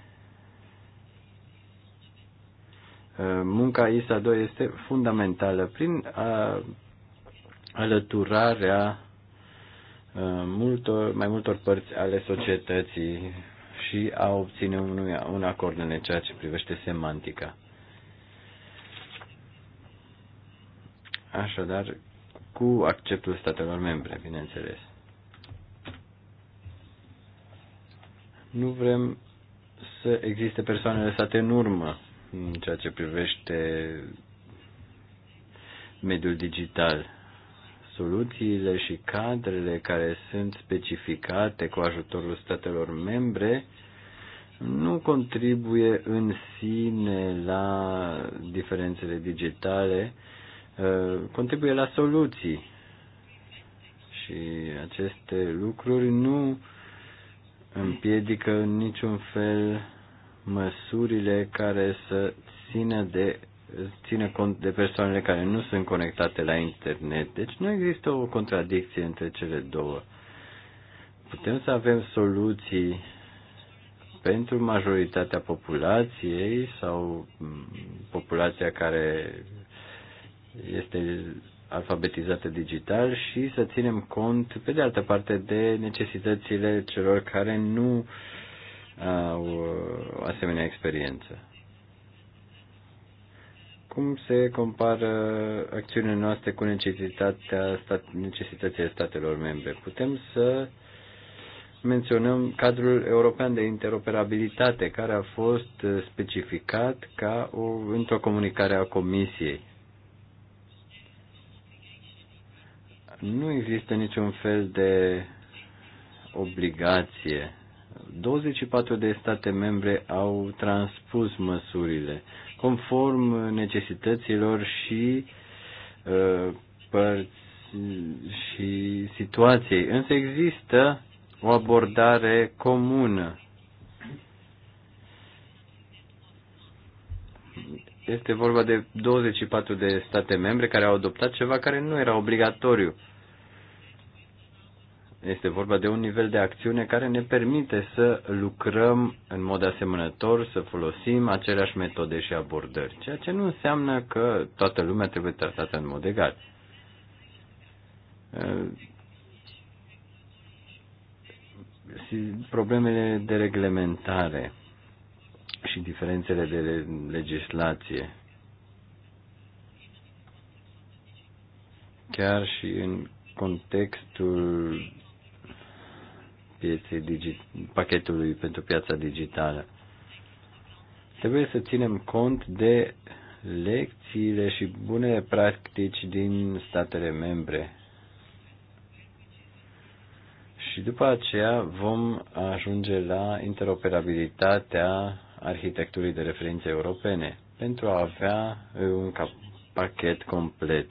uh, munca ISA 2 este fundamentală prin uh, alăturarea Uh, multor, mai multor părți ale societății și a obține un, un acord în ceea ce privește semantica. Așadar, cu acceptul statelor membre, bineînțeles. Nu vrem să existe persoane lăsate în urmă în ceea ce privește mediul digital soluțiile și cadrele care sunt specificate cu ajutorul statelor membre nu contribuie în sine la diferențele digitale, uh, contribuie la soluții. Și aceste lucruri nu împiedică în niciun fel măsurile care să țină de ține cont de persoanele care nu sunt conectate la internet. Deci nu există o contradicție între cele două. Putem să avem soluții pentru majoritatea populației sau mm, populația care este alfabetizată digital și să ținem cont, pe de altă parte, de necesitățile celor care nu au o asemenea experiență. Cum se compară acțiunile noastre cu necesitatea, stat, necesitățile statelor membre? Putem să menționăm cadrul european de interoperabilitate care a fost specificat ca o, într-o comunicare a Comisiei. Nu există niciun fel de obligație. 24 de state membre au transpus măsurile conform necesităților și uh, părți și situației. Însă există o abordare comună. Este vorba de 24 de state membre care au adoptat ceva care nu era obligatoriu. Este vorba de un nivel de acțiune care ne permite să lucrăm în mod asemănător, să folosim aceleași metode și abordări, ceea ce nu înseamnă că toată lumea trebuie tratată în mod egal. Problemele de reglementare și diferențele de legislație. Chiar și în contextul pieței digi- pachetului pentru piața digitală. Trebuie să ținem cont de lecțiile și bunele practici din statele membre. Și după aceea vom ajunge la interoperabilitatea arhitecturii de referințe europene pentru a avea un pachet complet.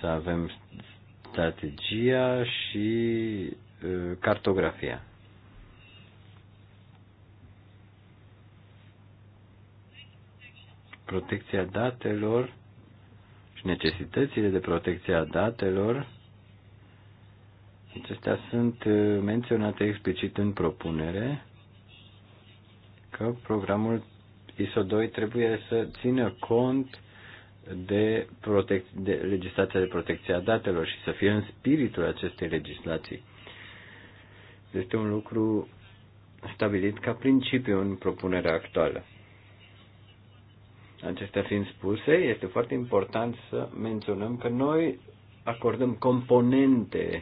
Să avem strategia și cartografia. Protecția datelor și necesitățile de protecție a datelor, acestea sunt menționate explicit în propunere că programul ISO 2 trebuie să țină cont de, protec- de legislația de protecție a datelor și să fie în spiritul acestei legislații. Este un lucru stabilit ca principiu în propunerea actuală. Acestea fiind spuse, este foarte important să menționăm că noi acordăm componente, eh,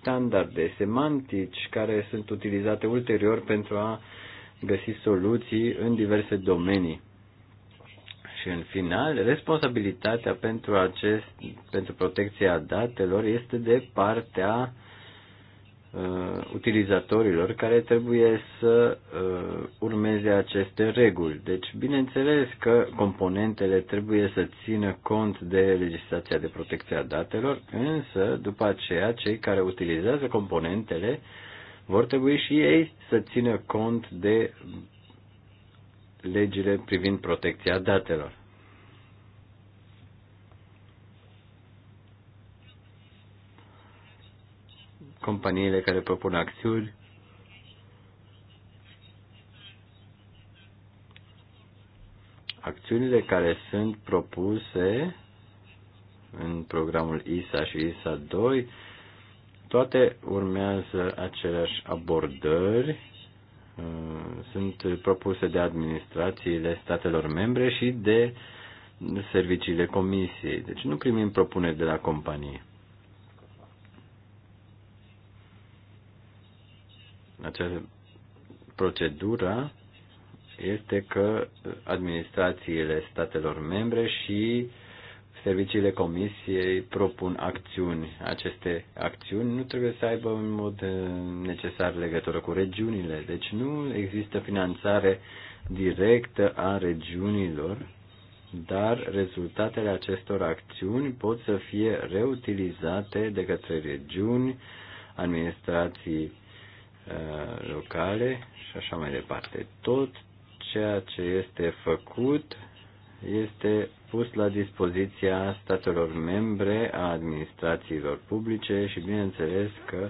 standarde semantici care sunt utilizate ulterior pentru a găsi soluții în diverse domenii și în final, responsabilitatea pentru, acest, pentru protecția datelor este de partea uh, utilizatorilor care trebuie să uh, urmeze aceste reguli. Deci, bineînțeles că componentele trebuie să țină cont de legislația de protecție a datelor, însă, după aceea, cei care utilizează componentele vor trebui și ei să țină cont de legile privind protecția datelor. Companiile care propun acțiuni acțiunile care sunt propuse în programul ISA și ISA 2, toate urmează aceleași abordări Uh, sunt propuse de administrațiile statelor membre și de serviciile comisiei. Deci nu primim propuneri de la companie. Această procedură este că administrațiile statelor membre și Serviciile comisiei propun acțiuni. Aceste acțiuni nu trebuie să aibă în mod uh, necesar legătură cu regiunile, deci nu există finanțare directă a regiunilor, dar rezultatele acestor acțiuni pot să fie reutilizate de către regiuni, administrații uh, locale și așa mai departe. Tot ceea ce este făcut este pus la dispoziția statelor membre, a administrațiilor publice și bineînțeles că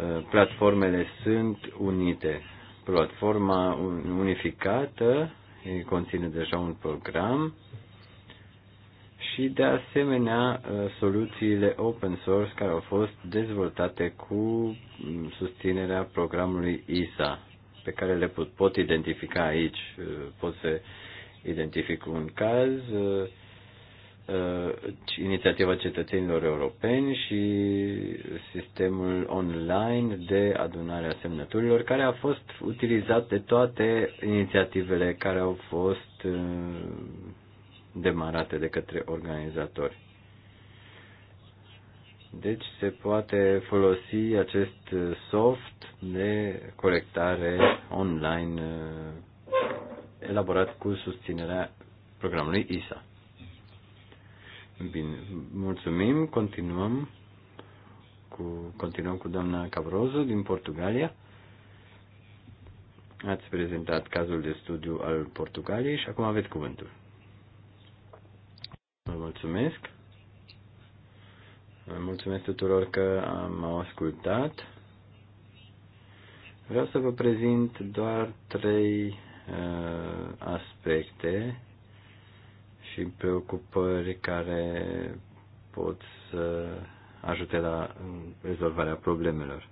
ă, platformele sunt unite. Platforma unificată conține deja un program și de asemenea ă, soluțiile open source care au fost dezvoltate cu susținerea programului ISA pe care le pot, pot identifica aici. Ă, pot să identific un caz, uh, uh, inițiativa cetățenilor europeni și sistemul online de adunare a semnăturilor, care a fost utilizat de toate inițiativele care au fost uh, demarate de către organizatori. Deci se poate folosi acest soft de colectare online elaborat cu susținerea programului ISA. Bine, mulțumim, continuăm cu, continuăm cu doamna Cavrozo din Portugalia. Ați prezentat cazul de studiu al Portugaliei și acum aveți cuvântul. Vă mulțumesc. Vă mulțumesc tuturor că m-au ascultat. Vreau să vă prezint doar trei Uh, aspecte și preocupări care pot să ajute la rezolvarea problemelor.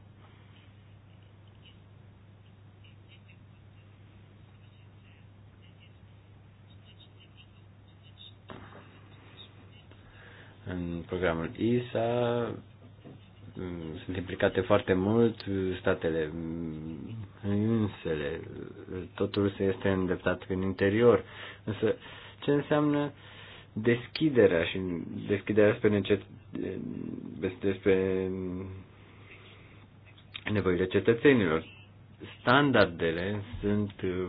În programul ISA sunt implicate foarte mult statele mm, însele, totul se este îndreptat în interior. Însă, ce înseamnă deschiderea și deschiderea spre, necet, spre nevoile cetățenilor? Standardele sunt uh,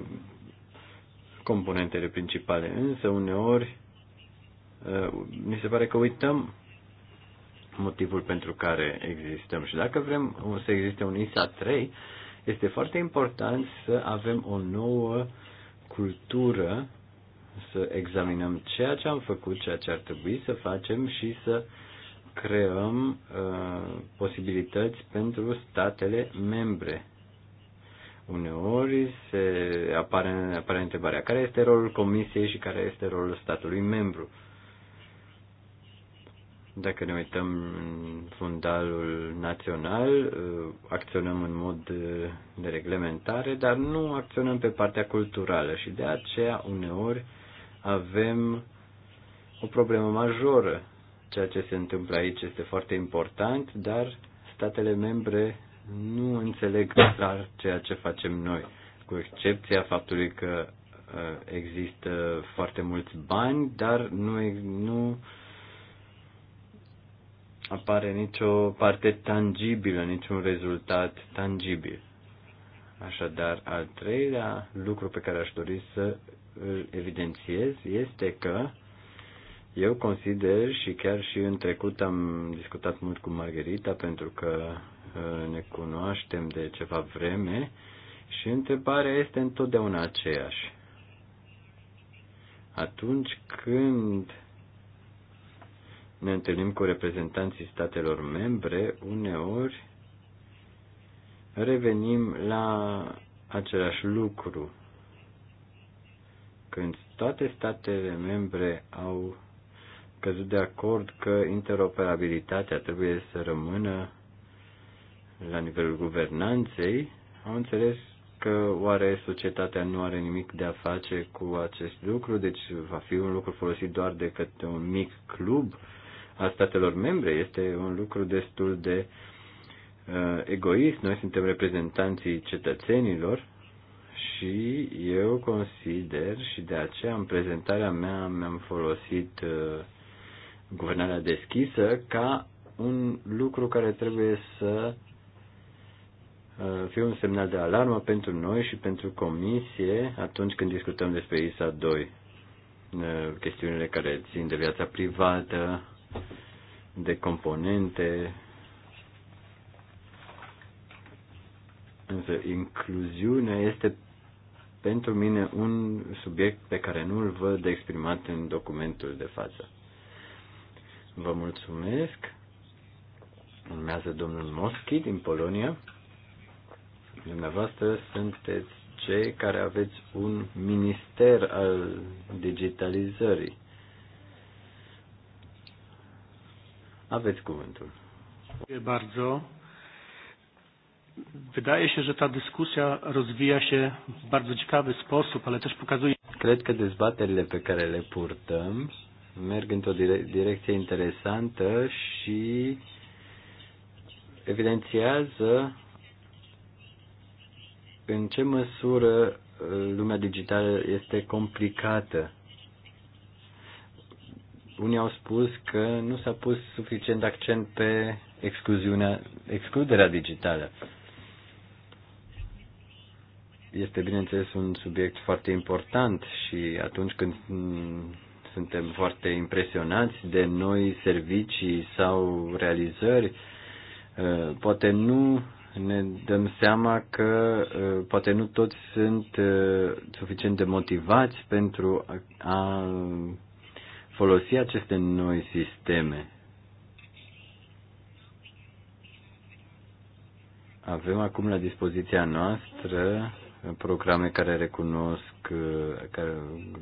componentele principale, însă uneori mi uh, se pare că uităm motivul pentru care existăm. Și dacă vrem să existe un ISA 3, este foarte important să avem o nouă cultură, să examinăm ceea ce am făcut, ceea ce ar trebui să facem și să creăm uh, posibilități pentru statele membre. Uneori se apare, apare întrebarea care este rolul Comisiei și care este rolul statului membru. Uh, dacă ne uităm în fundalul național, uh, acționăm în mod de reglementare, dar nu acționăm pe partea culturală și de aceea uneori avem o problemă majoră. Ceea ce se întâmplă aici este foarte important, dar statele membre nu înțeleg clar ceea ce facem noi, cu excepția faptului că uh, există foarte mulți bani, dar nu, nu apare nicio parte tangibilă, niciun rezultat tangibil. Așadar, al treilea lucru pe care aș dori să îl evidențiez este că eu consider și chiar și în trecut am discutat mult cu Margherita pentru că ă, ne cunoaștem de ceva vreme și întrebarea este întotdeauna aceeași. Atunci când ne întâlnim cu reprezentanții statelor membre, uneori revenim la același lucru. Când toate statele membre au căzut de acord că interoperabilitatea trebuie să rămână la nivelul guvernanței, au înțeles că oare societatea nu are nimic de a face cu acest lucru, deci va fi un lucru folosit doar de către un mic club a statelor membre. Este un lucru destul de uh, egoist. Noi suntem reprezentanții cetățenilor și eu consider și de aceea în prezentarea mea mi-am folosit uh, guvernarea deschisă ca un lucru care trebuie să uh, fie un semnal de alarmă pentru noi și pentru comisie atunci când discutăm despre ISA 2. Uh, chestiunile care țin de viața privată, de componente, însă incluziunea este pentru mine un subiect pe care nu îl văd exprimat în documentul de față. Vă mulțumesc. Urmează domnul Moschi din Polonia. Dumneavoastră sunteți cei care aveți un minister al digitalizării. Aveți cuvântul. Dziękuję Bardzo. Wydaje się, że ta dyskusja rozwija się w bardzo ciekawy sposób, ale też pokazuje... Cred că dezbaterile pe care le purtăm merg într-o direcție interesantă și evidențiază în ce măsură uh, lumea digitală este complicată unii au spus că nu s-a pus suficient accent pe excluziunea, excluderea digitală. Este, bineînțeles, un subiect foarte important și atunci când suntem foarte impresionați de noi servicii sau realizări, uh, poate nu ne dăm seama că uh, poate nu toți sunt uh, suficient de motivați pentru a folosi aceste noi sisteme. Avem acum la dispoziția noastră programe care recunosc care,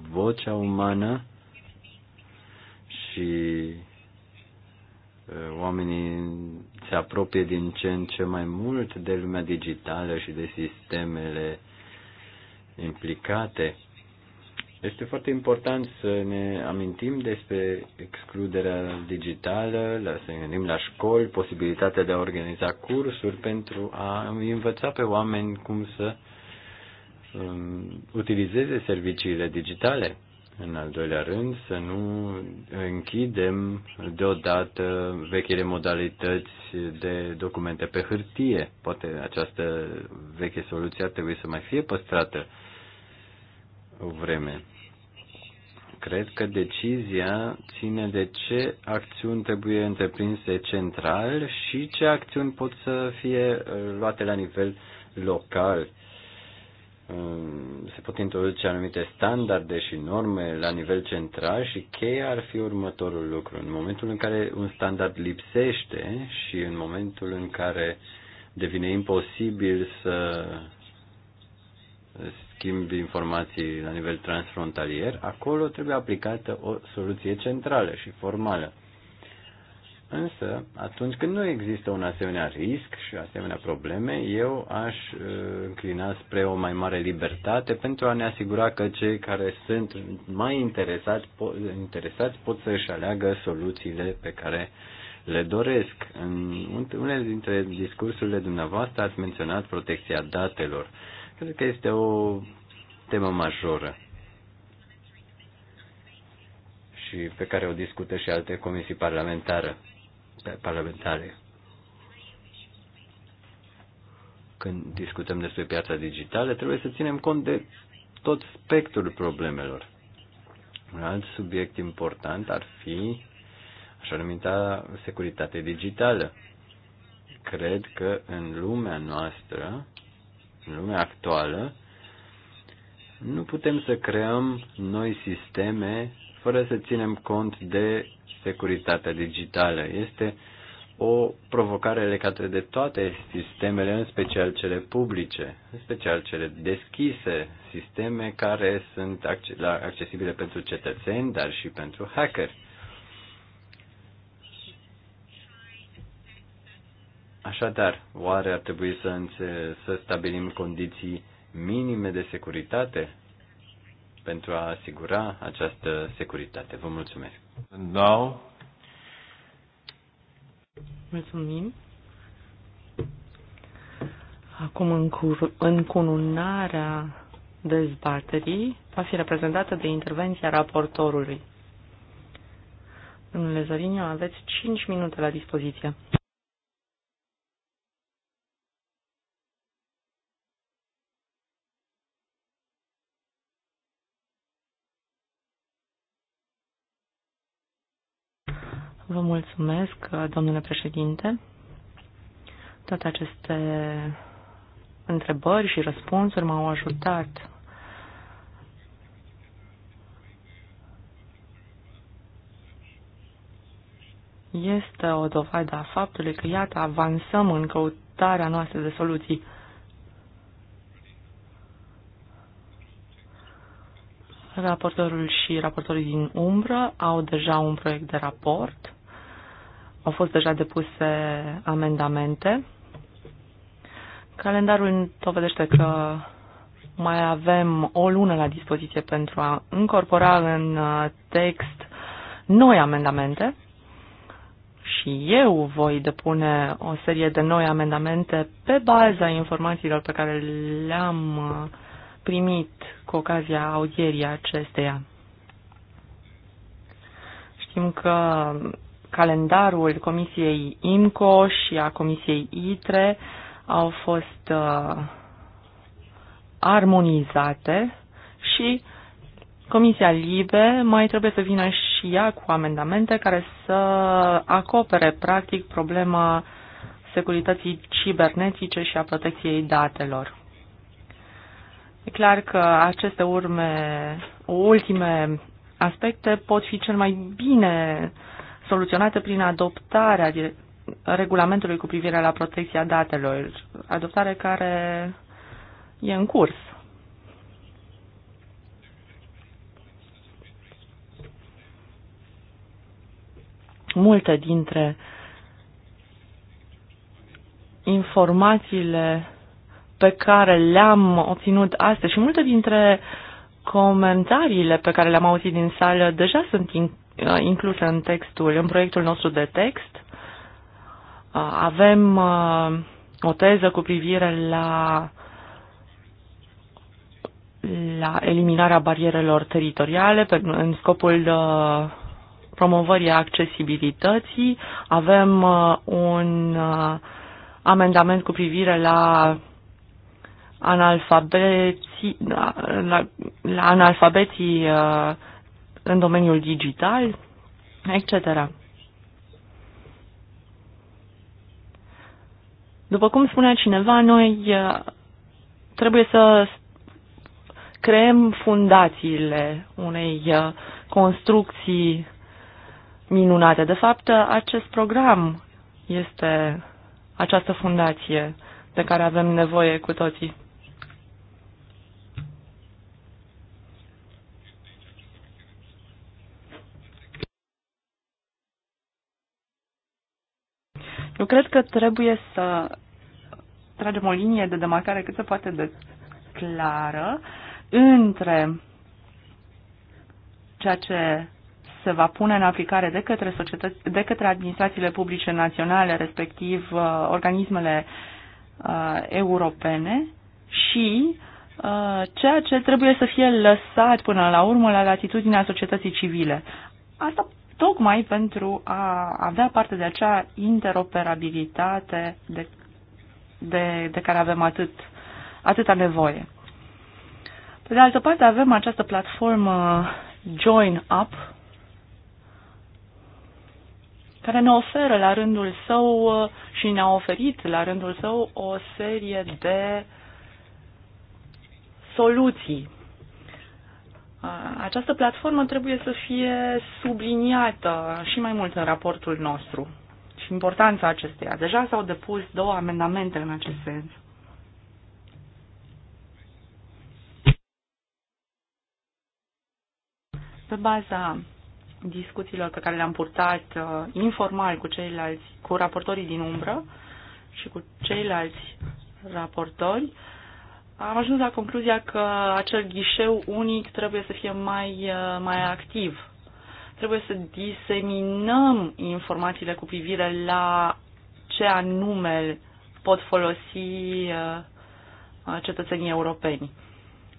vocea umană și uh, oamenii se apropie din ce în ce mai mult de lumea digitală și de sistemele implicate. Este foarte important să ne amintim despre excluderea digitală, să ne gândim la școli, posibilitatea de a organiza cursuri pentru a învăța pe oameni cum să um, utilizeze serviciile digitale. În al doilea rând, să nu închidem deodată vechile modalități de documente pe hârtie. Poate această veche soluție ar trebui să mai fie păstrată o vreme cred că decizia ține de ce acțiuni trebuie întreprinse central și ce acțiuni pot să fie uh, luate la nivel local. Um, se pot introduce anumite standarde și norme la nivel central și cheia ar fi următorul lucru. În momentul în care un standard lipsește și în momentul în care devine imposibil să schimb de informații la nivel transfrontalier, acolo trebuie aplicată o soluție centrală și formală. Însă, atunci când nu există un asemenea risc și asemenea probleme, eu aș uh, înclina spre o mai mare libertate pentru a ne asigura că cei care sunt mai interesați, po- interesați pot să-și aleagă soluțiile pe care le doresc. În unele dintre discursurile dumneavoastră ați menționat protecția datelor. Uh, Cred că este o temă majoră și pe care o discută și alte comisii parlamentare. parlamentare. Când discutăm despre piața digitală, trebuie să ținem cont de tot spectrul problemelor. Un alt subiect important ar fi așa numita securitate digitală. Cred că în lumea noastră în lumea actuală, nu putem să creăm noi sisteme fără să ținem cont de securitatea digitală. Este o provocare legată de toate sistemele, în special cele publice, în special cele deschise, sisteme care sunt accesibile pentru cetățeni, dar și pentru hackeri. Așadar, oare ar trebui să, să stabilim condiții minime de securitate pentru a asigura această securitate? Vă mulțumesc. Now. Mulțumim. Acum încununarea dezbaterii va fi reprezentată de intervenția raportorului. Domnule Zorinio, aveți 5 minute la dispoziție. Mulțumesc, domnule președinte. Toate aceste întrebări și răspunsuri m-au ajutat este o dovadă a faptului că, iată, avansăm în căutarea noastră de soluții. Raportorul și raportorii din umbră au deja un proiect de raport au fost deja depuse amendamente. Calendarul dovedește că mai avem o lună la dispoziție pentru a incorpora în uh, text noi amendamente și eu voi depune o serie de noi amendamente pe baza informațiilor pe care le-am uh, primit cu ocazia audierii acesteia. Știm că calendarul Comisiei IMCO și a Comisiei ITRE au fost uh, armonizate și Comisia LIBE mai trebuie să vină și ea cu amendamente care să acopere practic problema securității cibernetice și a protecției datelor. E clar că aceste urme, ultime aspecte pot fi cel mai bine uh, soluționată prin adoptarea regulamentului cu privire la protecția datelor, adoptare care e în curs. Multe dintre informațiile pe care le-am obținut astăzi și multe dintre comentariile pe care le-am auzit din sală deja sunt Uh, incluse în textul, în proiectul nostru de text. Uh, avem uh, o teză cu privire la la eliminarea barierelor teritoriale pe, în scopul de promovării accesibilității. Avem un amendament cu privire la analfabeții, la, la, la analfabeții uh, în domeniul digital, etc. După cum spunea cineva, noi uh, trebuie să creăm fundațiile unei uh, construcții minunate. De fapt, uh, acest program este această fundație de care avem nevoie cu toții. Eu cred că trebuie să tragem o linie de demarcare cât se poate de clară între ceea ce se va pune în aplicare de către, societăți, de către administrațiile publice naționale, respectiv uh, organismele uh, europene și uh, ceea ce trebuie să fie lăsat până la urmă la latitudinea societății civile. Asta tocmai pentru a avea parte de acea interoperabilitate de, de, de care avem atât, atâta nevoie. Pe de altă parte, avem această platformă Join Up, care ne oferă la rândul său uh, și ne-a oferit la rândul său o serie de soluții această platformă trebuie să fie subliniată și mai mult în raportul nostru și importanța acesteia. Deja s-au depus două amendamente în acest sens. Pe baza discuțiilor pe care le-am purtat uh, informal cu ceilalți, cu raportorii din umbră și cu ceilalți raportori, uh, am ajuns la concluzia că acel ghișeu unic trebuie să fie mai, uh, mai activ. Trebuie să diseminăm informațiile cu privire la ce anume pot folosi uh, uh, cetățenii europeni.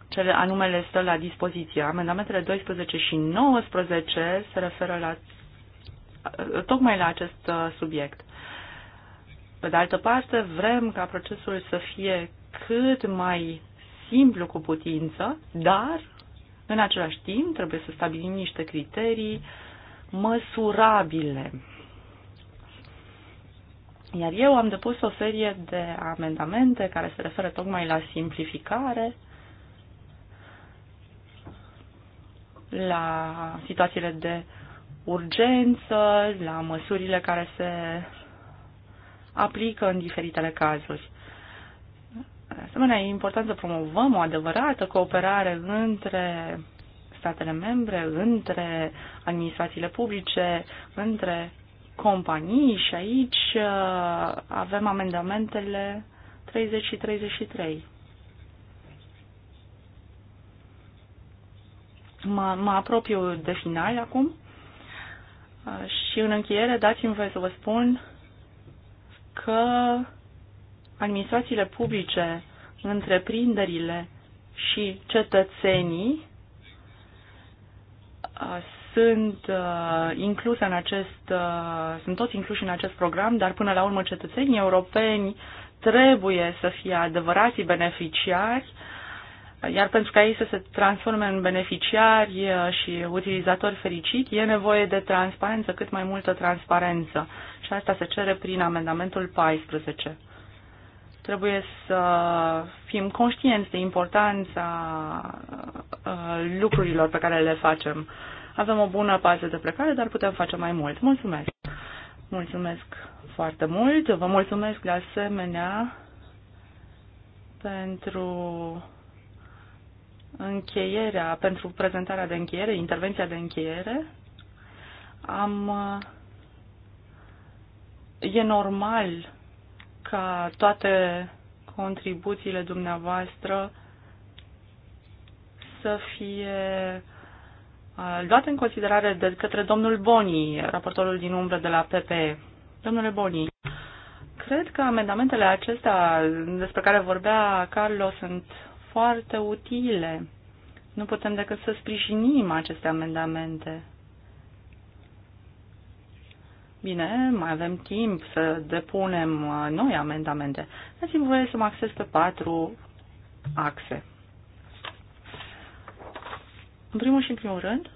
Cele anumele stă la dispoziție. Amendamentele 12 și 19 se referă la tocmai la acest subiect. Pe de altă parte, vrem ca procesul să fie cât mai simplu cu putință, dar în același timp trebuie să stabilim niște criterii măsurabile. Iar eu am depus o serie de amendamente care se referă tocmai la simplificare, la situațiile de urgență, la măsurile care se aplică în diferitele cazuri asemenea, e important să promovăm o adevărată cooperare între statele membre, între administrațiile publice, între companii și aici uh, avem amendamentele 30 și 33. Mă, mă apropiu de final acum uh, și în încheiere dați-mi voie să vă spun că administrațiile publice întreprinderile și cetățenii uh, sunt uh, incluse în acest, uh, sunt toți incluși în acest program, dar până la urmă cetățenii europeni trebuie să fie adevărații beneficiari, iar pentru ca ei să se transforme în beneficiari și utilizatori fericiți, e nevoie de transparență, cât mai multă transparență. Și asta se cere prin amendamentul 14. Trebuie să fim conștienți de importanța uh, lucrurilor pe care le facem. Avem o bună bază de plecare, dar putem face mai mult. Mulțumesc! Mulțumesc foarte mult! Vă mulțumesc de asemenea pentru încheierea, pentru prezentarea de încheiere, intervenția de încheiere. Am, uh, e normal ca toate contribuțiile dumneavoastră să fie luate în considerare de către domnul Boni, raportorul din umbră de la PPE. Domnule Boni, cred că amendamentele acestea despre care vorbea Carlos sunt foarte utile. Nu putem decât să sprijinim aceste amendamente. Bine, mai avem timp să depunem uh, noi amendamente. Dați-mi voie să mă acces pe patru axe. În primul și în primul rând,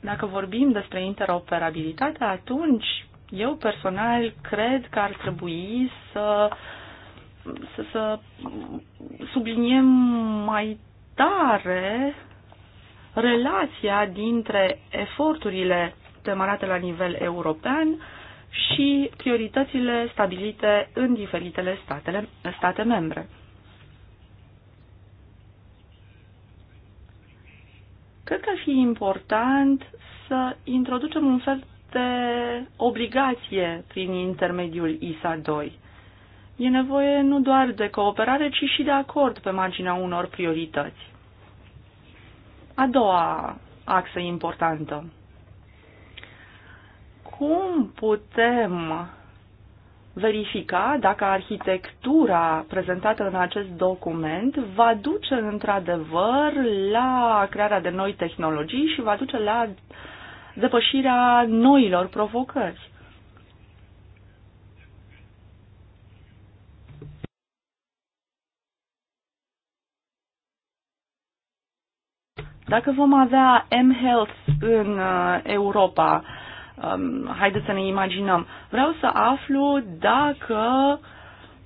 dacă vorbim despre interoperabilitate, atunci eu personal cred că ar trebui să, să, să subliniem mai tare relația dintre eforturile arate la nivel european și prioritățile stabilite în diferitele statele, state membre. Cred că ar fi important să introducem un fel de obligație prin intermediul ISA 2. E nevoie nu doar de cooperare, ci și de acord pe marginea unor priorități. A doua axă importantă cum putem verifica dacă arhitectura prezentată în acest document va duce într-adevăr la crearea de noi tehnologii și va duce la depășirea noilor provocări. Dacă vom avea mHealth în uh, Europa, uh, Um, haideți să ne imaginăm. Vreau să aflu dacă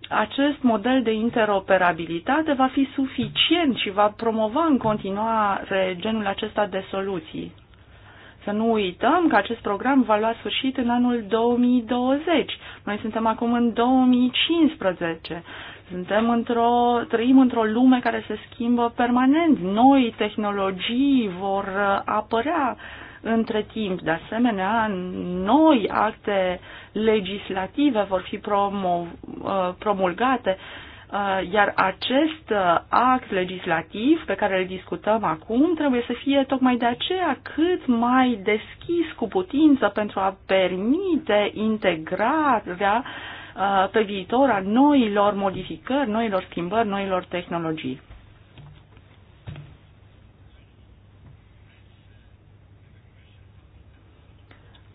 acest model de interoperabilitate va fi suficient și va promova în continuare genul acesta de soluții. Să nu uităm că acest program va lua sfârșit în anul 2020. Noi suntem acum în 2015. Suntem într-o, trăim într-o lume care se schimbă permanent. Noi tehnologii vor apărea uh, între timp, de asemenea, noi acte legislative vor fi uh, promulgate uh, iar acest uh, act legislativ pe care îl discutăm acum trebuie să fie tocmai de aceea cât mai deschis cu putință pentru a permite integrarea pe viitor a noilor modificări, noilor schimbări, noilor tehnologii.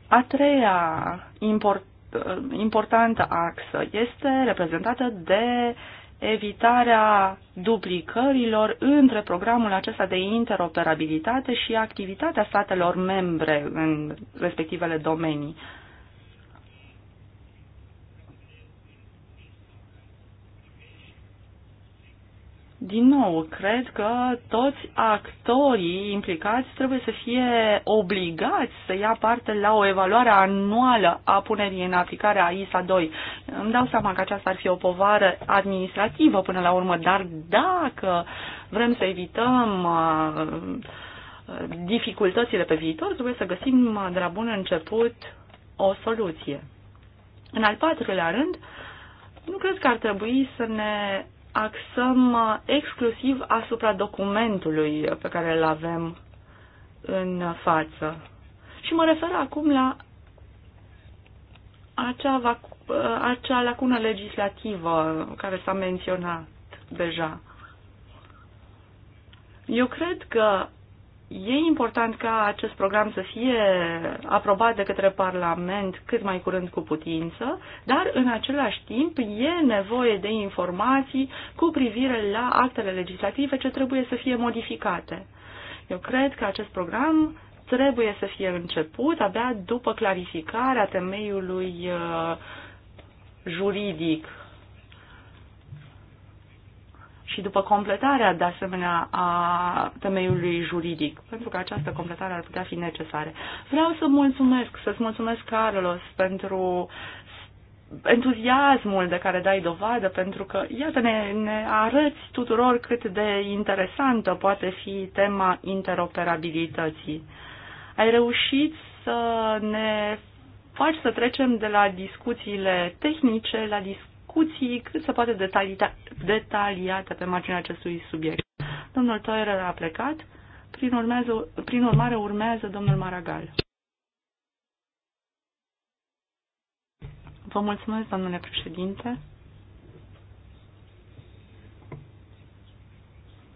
A treia import, importantă axă este reprezentată de evitarea duplicărilor între programul acesta de interoperabilitate și activitatea statelor membre în respectivele domenii. Din nou, cred că toți actorii implicați trebuie să fie obligați să ia parte la o evaluare anuală a punerii în aplicare a ISA 2. Îmi dau seama că aceasta ar fi o povară administrativă până la urmă, dar dacă vrem să evităm uh, dificultățile pe viitor, trebuie să găsim de la bun început o soluție. În al patrulea rând, nu cred că ar trebui să ne axăm uh, exclusiv asupra documentului pe care îl avem în față. Și mă refer acum la acea, vac- uh, acea lacună legislativă care s-a menționat deja. Eu cred că E important ca acest program să fie aprobat de către Parlament cât mai curând cu putință, dar în același timp e nevoie de informații cu privire la actele legislative ce trebuie să fie modificate. Eu cred că acest program trebuie să fie început abia după clarificarea temeiului uh, juridic și după completarea, de asemenea, a temeiului juridic, pentru că această completare ar putea fi necesară. Vreau să mulțumesc, să-ți mulțumesc, Carlos, pentru entuziasmul de care dai dovadă, pentru că, iată, ne, ne arăți tuturor cât de interesantă poate fi tema interoperabilității. Ai reușit să ne faci să trecem de la discuțiile tehnice la dis- discuții cât se poate detalia, detaliate pe marginea acestui subiect. Domnul Toirer a plecat, prin, urmează, prin urmare urmează domnul Maragal. Vă mulțumesc, domnule președinte.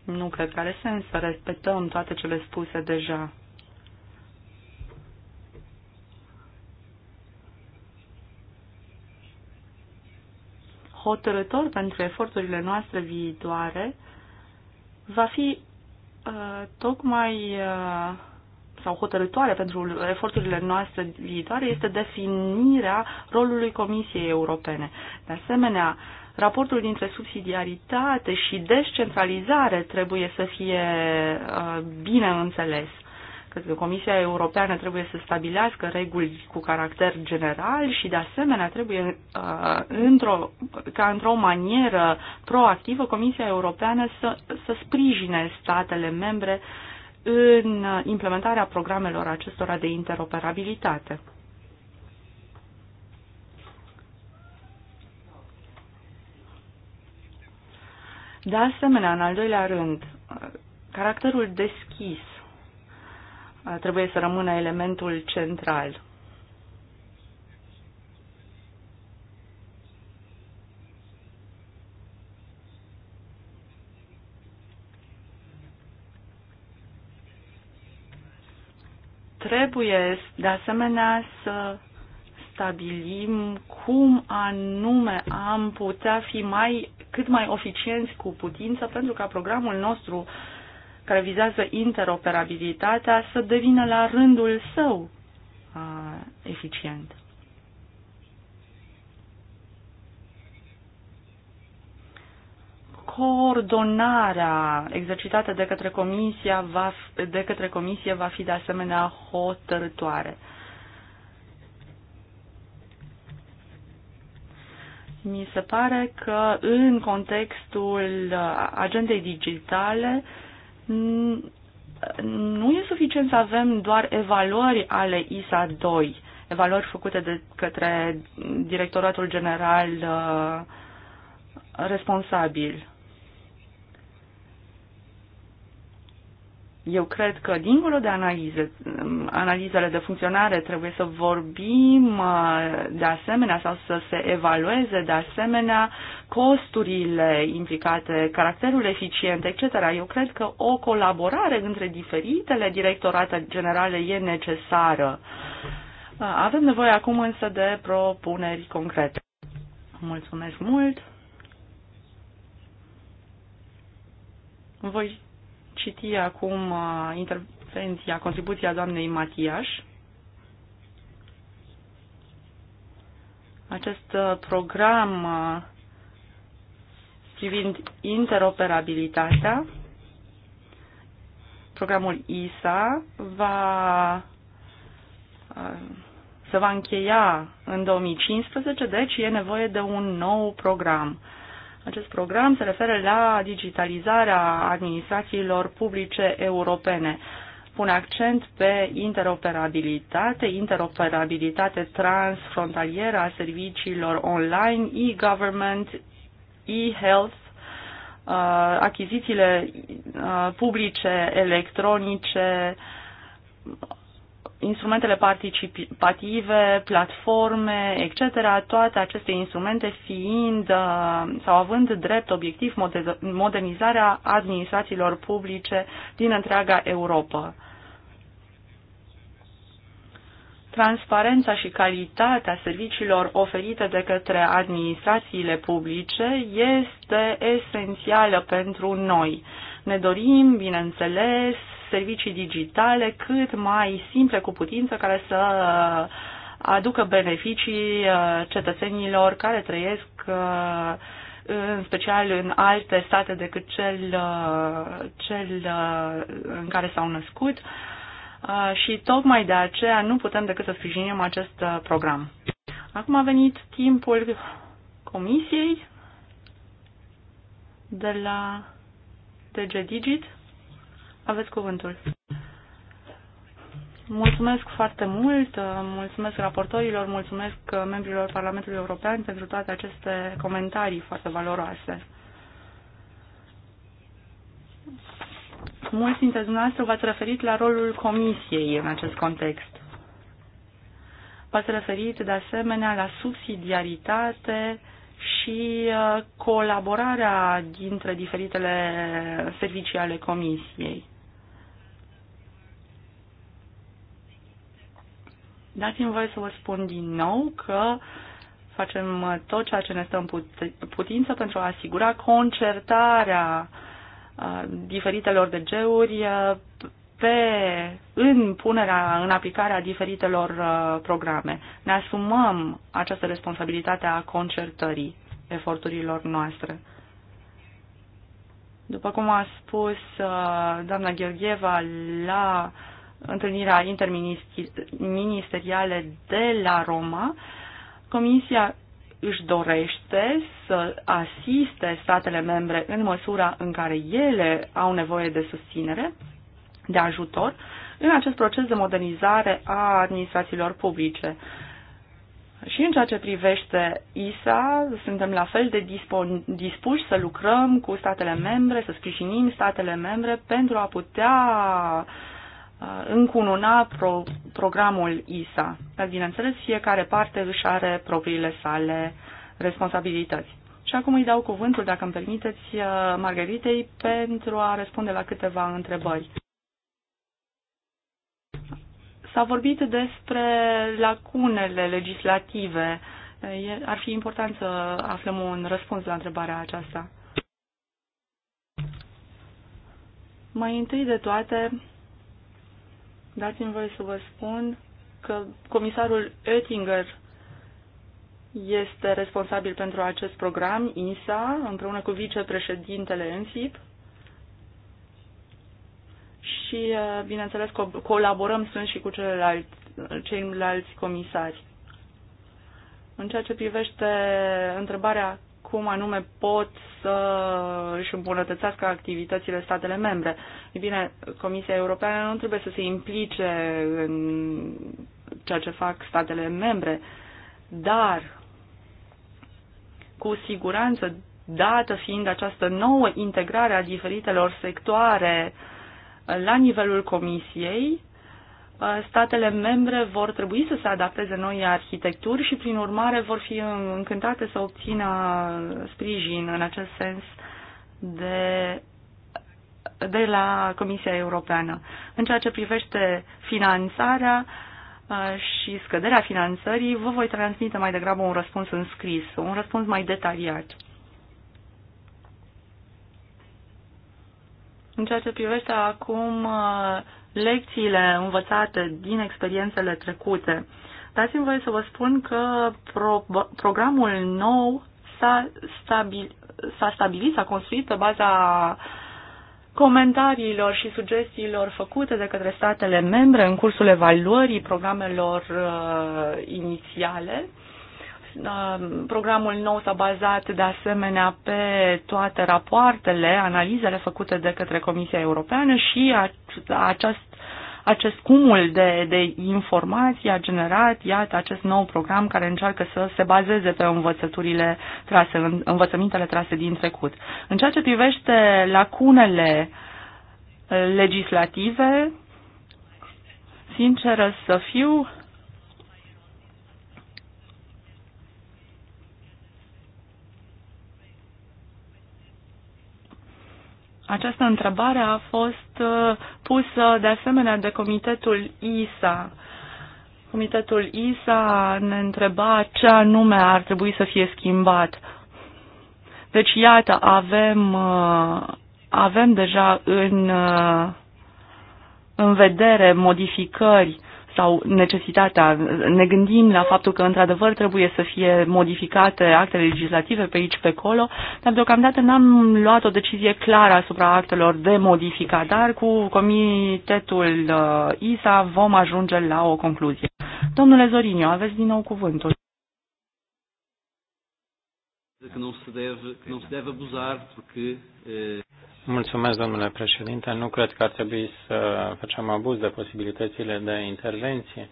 Nu cred că are sens să respectăm toate cele spuse deja. hotărător pentru eforturile noastre viitoare va fi uh, tocmai uh, sau hotărătoare pentru eforturile noastre viitoare este definirea rolului Comisiei Europene. De asemenea, raportul dintre subsidiaritate și descentralizare trebuie să fie uh, bine înțeles. Uh, Cred că Comisia Europeană trebuie să stabilească reguli cu caracter general și, de asemenea, trebuie uh, într-o, ca într-o manieră proactivă Comisia Europeană să, să sprijine statele membre în implementarea programelor acestora de interoperabilitate. De asemenea, în al doilea rând, caracterul deschis trebuie să rămână elementul central. Trebuie, de asemenea, să stabilim cum anume am putea fi mai cât mai eficienți cu putință pentru ca programul nostru uh, care vizează interoperabilitatea să devină la rândul său eficient. Coordonarea exercitată de către, comisia va, de către comisie va fi de asemenea hotărătoare. Mi se pare că în contextul agendei digitale uh, nu e suficient să avem doar evaluări ale ISA 2, evaluări făcute de către directoratul general uh, responsabil. Eu cred că, dincolo de analize, analizele de funcționare, trebuie să vorbim uh, de asemenea sau să se evalueze de asemenea costurile implicate, caracterul eficient, etc. Eu cred că o colaborare între diferitele directorate generale e necesară. Avem nevoie acum însă de propuneri concrete. Mulțumesc mult! Voi citi acum uh, intervenția, contribuția doamnei Matiaș. Acest uh, program uh, privind interoperabilitatea. Programul ISA va, uh, se va încheia în 2015, deci e nevoie de un nou program. Acest program se referă la digitalizarea administrațiilor publice europene. Pune accent pe interoperabilitate, interoperabilitate transfrontalieră a serviciilor online, e-government, e-health, uh, achizițiile uh, publice, electronice, instrumentele participative, platforme, etc., toate aceste instrumente fiind uh, sau având drept obiectiv modernizarea administrațiilor publice din întreaga Europa transparența și calitatea serviciilor oferite de către administrațiile publice este esențială pentru noi. Ne dorim, bineînțeles, servicii digitale cât mai simple cu putință care să aducă beneficii uh, cetățenilor care trăiesc uh, în special în alte state decât cel, uh, cel în care s-au născut și tocmai de aceea nu putem decât să sprijinim acest uh, program. Acum a venit timpul comisiei de la DG Digit. Aveți cuvântul. Mulțumesc foarte mult, uh, mulțumesc raportorilor, mulțumesc uh, membrilor Parlamentului European pentru toate aceste comentarii foarte valoroase. Mulți dintre dumneavoastră v-ați referit la rolul Comisiei în acest context. V-ați referit de asemenea la subsidiaritate și uh, colaborarea dintre diferitele servicii ale Comisiei. Dați-mi voie să vă spun din nou că facem uh, tot ceea ce ne stă în putință pentru a asigura concertarea uh, diferitelor DG-uri pe, în punerea în aplicarea diferitelor programe. Ne asumăm această responsabilitate a concertării eforturilor noastre. După cum a spus doamna Gheorgheva la întâlnirea interministerială de la Roma, Comisia își dorește să asiste statele membre în măsura în care ele au nevoie de susținere, de ajutor, în acest proces de modernizare a administrațiilor publice. Și în ceea ce privește ISA, suntem la fel de dispuși să lucrăm cu statele membre, să sprijinim statele membre pentru a putea uh, Uh, încununa pro, programul ISA. Dar, bineînțeles, fiecare parte își are propriile sale responsabilități. Și acum îi dau cuvântul, dacă îmi permiteți, uh, Margaritei pentru a răspunde la câteva întrebări. S-a vorbit despre lacunele legislative. Ar fi important să aflăm un răspuns la întrebarea aceasta. Mai întâi de toate, Dați-mi voi să vă spun că comisarul Oettinger este responsabil pentru acest program, INSA, împreună cu vicepreședintele ENSIP și, uh, bineînțeles, co- colaborăm sunt și cu ceilalți, ceilalți comisari. În ceea ce privește întrebarea cum anume pot să își îmbunătățească activitățile statele membre. E bine, Comisia Europeană nu trebuie să se implice în ceea ce fac statele membre, dar cu siguranță, dată fiind această nouă integrare a diferitelor sectoare la nivelul Comisiei, Uh, statele membre vor trebui să se adapteze noi arhitecturi și, prin urmare, vor fi încântate să obțină sprijin în acest sens de, de la Comisia Europeană. În ceea ce privește finanțarea uh, și scăderea finanțării, vă voi transmite mai degrabă un răspuns în scris, un răspuns mai detaliat. În ceea ce privește acum uh, lecțiile învățate din experiențele trecute. Dați-mi voie să vă spun că pro, programul nou s-a, stabil, s-a stabilit, s-a construit pe baza comentariilor și sugestiilor făcute de către statele membre în cursul evaluării programelor uh, inițiale Um, programul nou s-a bazat de asemenea pe toate rapoartele, analizele făcute de către Comisia Europeană și acest, acest cumul de, de informații a generat, iată, acest nou program care încearcă să se bazeze pe învățăturile trase, învățămintele trase din trecut. În ceea ce privește lacunele uh, legislative, sinceră să fiu, Această întrebare a fost uh, pusă de asemenea de Comitetul ISA. Comitetul ISA ne întreba ce anume ar trebui să fie schimbat. Deci, iată, avem, uh, avem deja în, uh, în vedere modificări sau necesitatea. Ne gândim la faptul că, într-adevăr, trebuie să fie modificate actele legislative pe aici, pe acolo, dar deocamdată n-am luat o decizie clară asupra actelor de modificat, dar cu comitetul uh, ISA vom ajunge la o concluzie. Domnule Zorinio, aveți din nou cuvântul. Că nu se deve, que se deve porque. Eh... Mulțumesc, domnule președinte. Nu cred că ar trebui să facem abuz de posibilitățile de intervenție.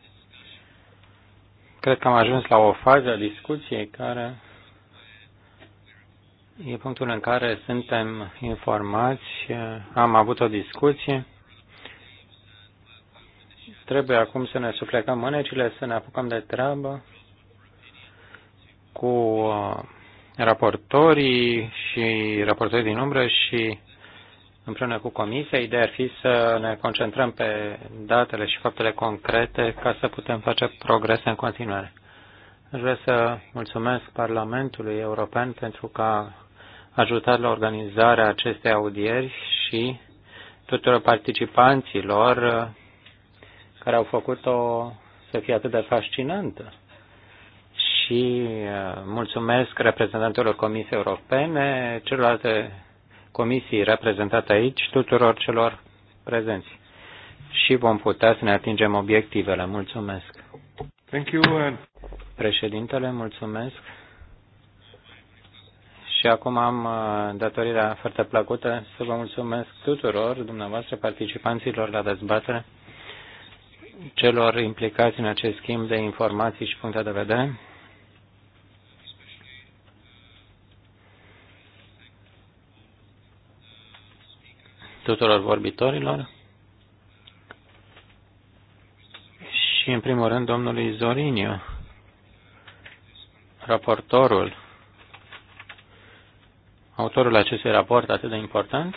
Cred că am ajuns la o fază a discuției care e punctul în care suntem informați. Am avut o discuție. Trebuie acum să ne suflecăm mânecile, să ne apucăm de treabă cu uh, raportorii și raportorii din umbră și împreună cu Comisia. Ideea ar fi să ne concentrăm pe datele și faptele concrete ca să putem face progrese în continuare. Aș vrea să mulțumesc Parlamentului European pentru că a ajutat la organizarea acestei audieri și tuturor participanților care au făcut-o să fie atât de fascinantă. Și uh, mulțumesc reprezentantelor Comisiei Europene, celorlalte Comisiei reprezentate aici, tuturor celor prezenți. Și vom putea să ne atingem obiectivele. Mulțumesc. Thank you. Președintele, mulțumesc. Și acum am uh, datorirea foarte plăcută să vă mulțumesc tuturor dumneavoastră participanților la dezbatere, celor implicați în acest schimb de informații și puncte de vedere. tuturor vorbitorilor și, în primul rând, domnului Zoriniu, raportorul, autorul acestui raport atât de important.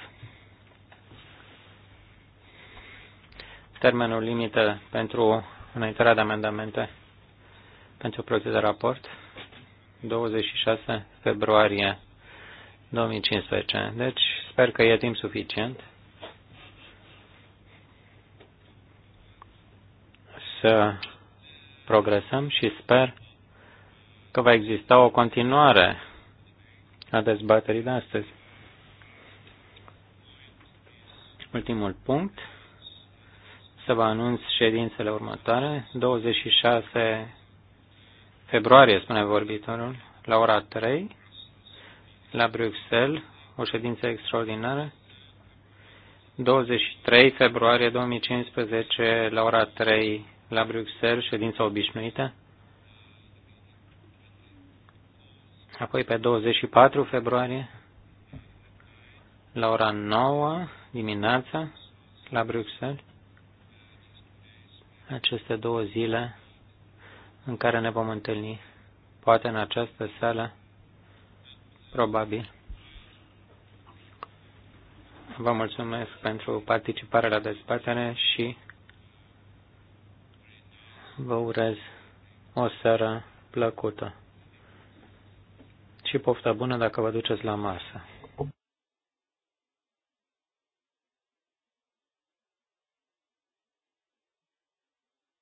Termenul limită pentru înaintarea de amendamente pentru proiectul de raport, 26 februarie 2015. Deci, sper că e timp suficient să progresăm și sper că va exista o continuare a dezbaterii de astăzi. Ultimul punct. Să vă anunț ședințele următoare. 26 februarie, spune vorbitorul, la ora 3, la Bruxelles, o ședință extraordinară. 23 februarie 2015, la ora 3, la Bruxelles, ședința obișnuită. Apoi pe 24 februarie, la ora 9 dimineața, la Bruxelles. Aceste două zile în care ne vom întâlni, poate în această sală, probabil. Vă mulțumesc pentru participarea la dezbatere și Vă urez o seară plăcută și poftă bună dacă vă duceți la masă.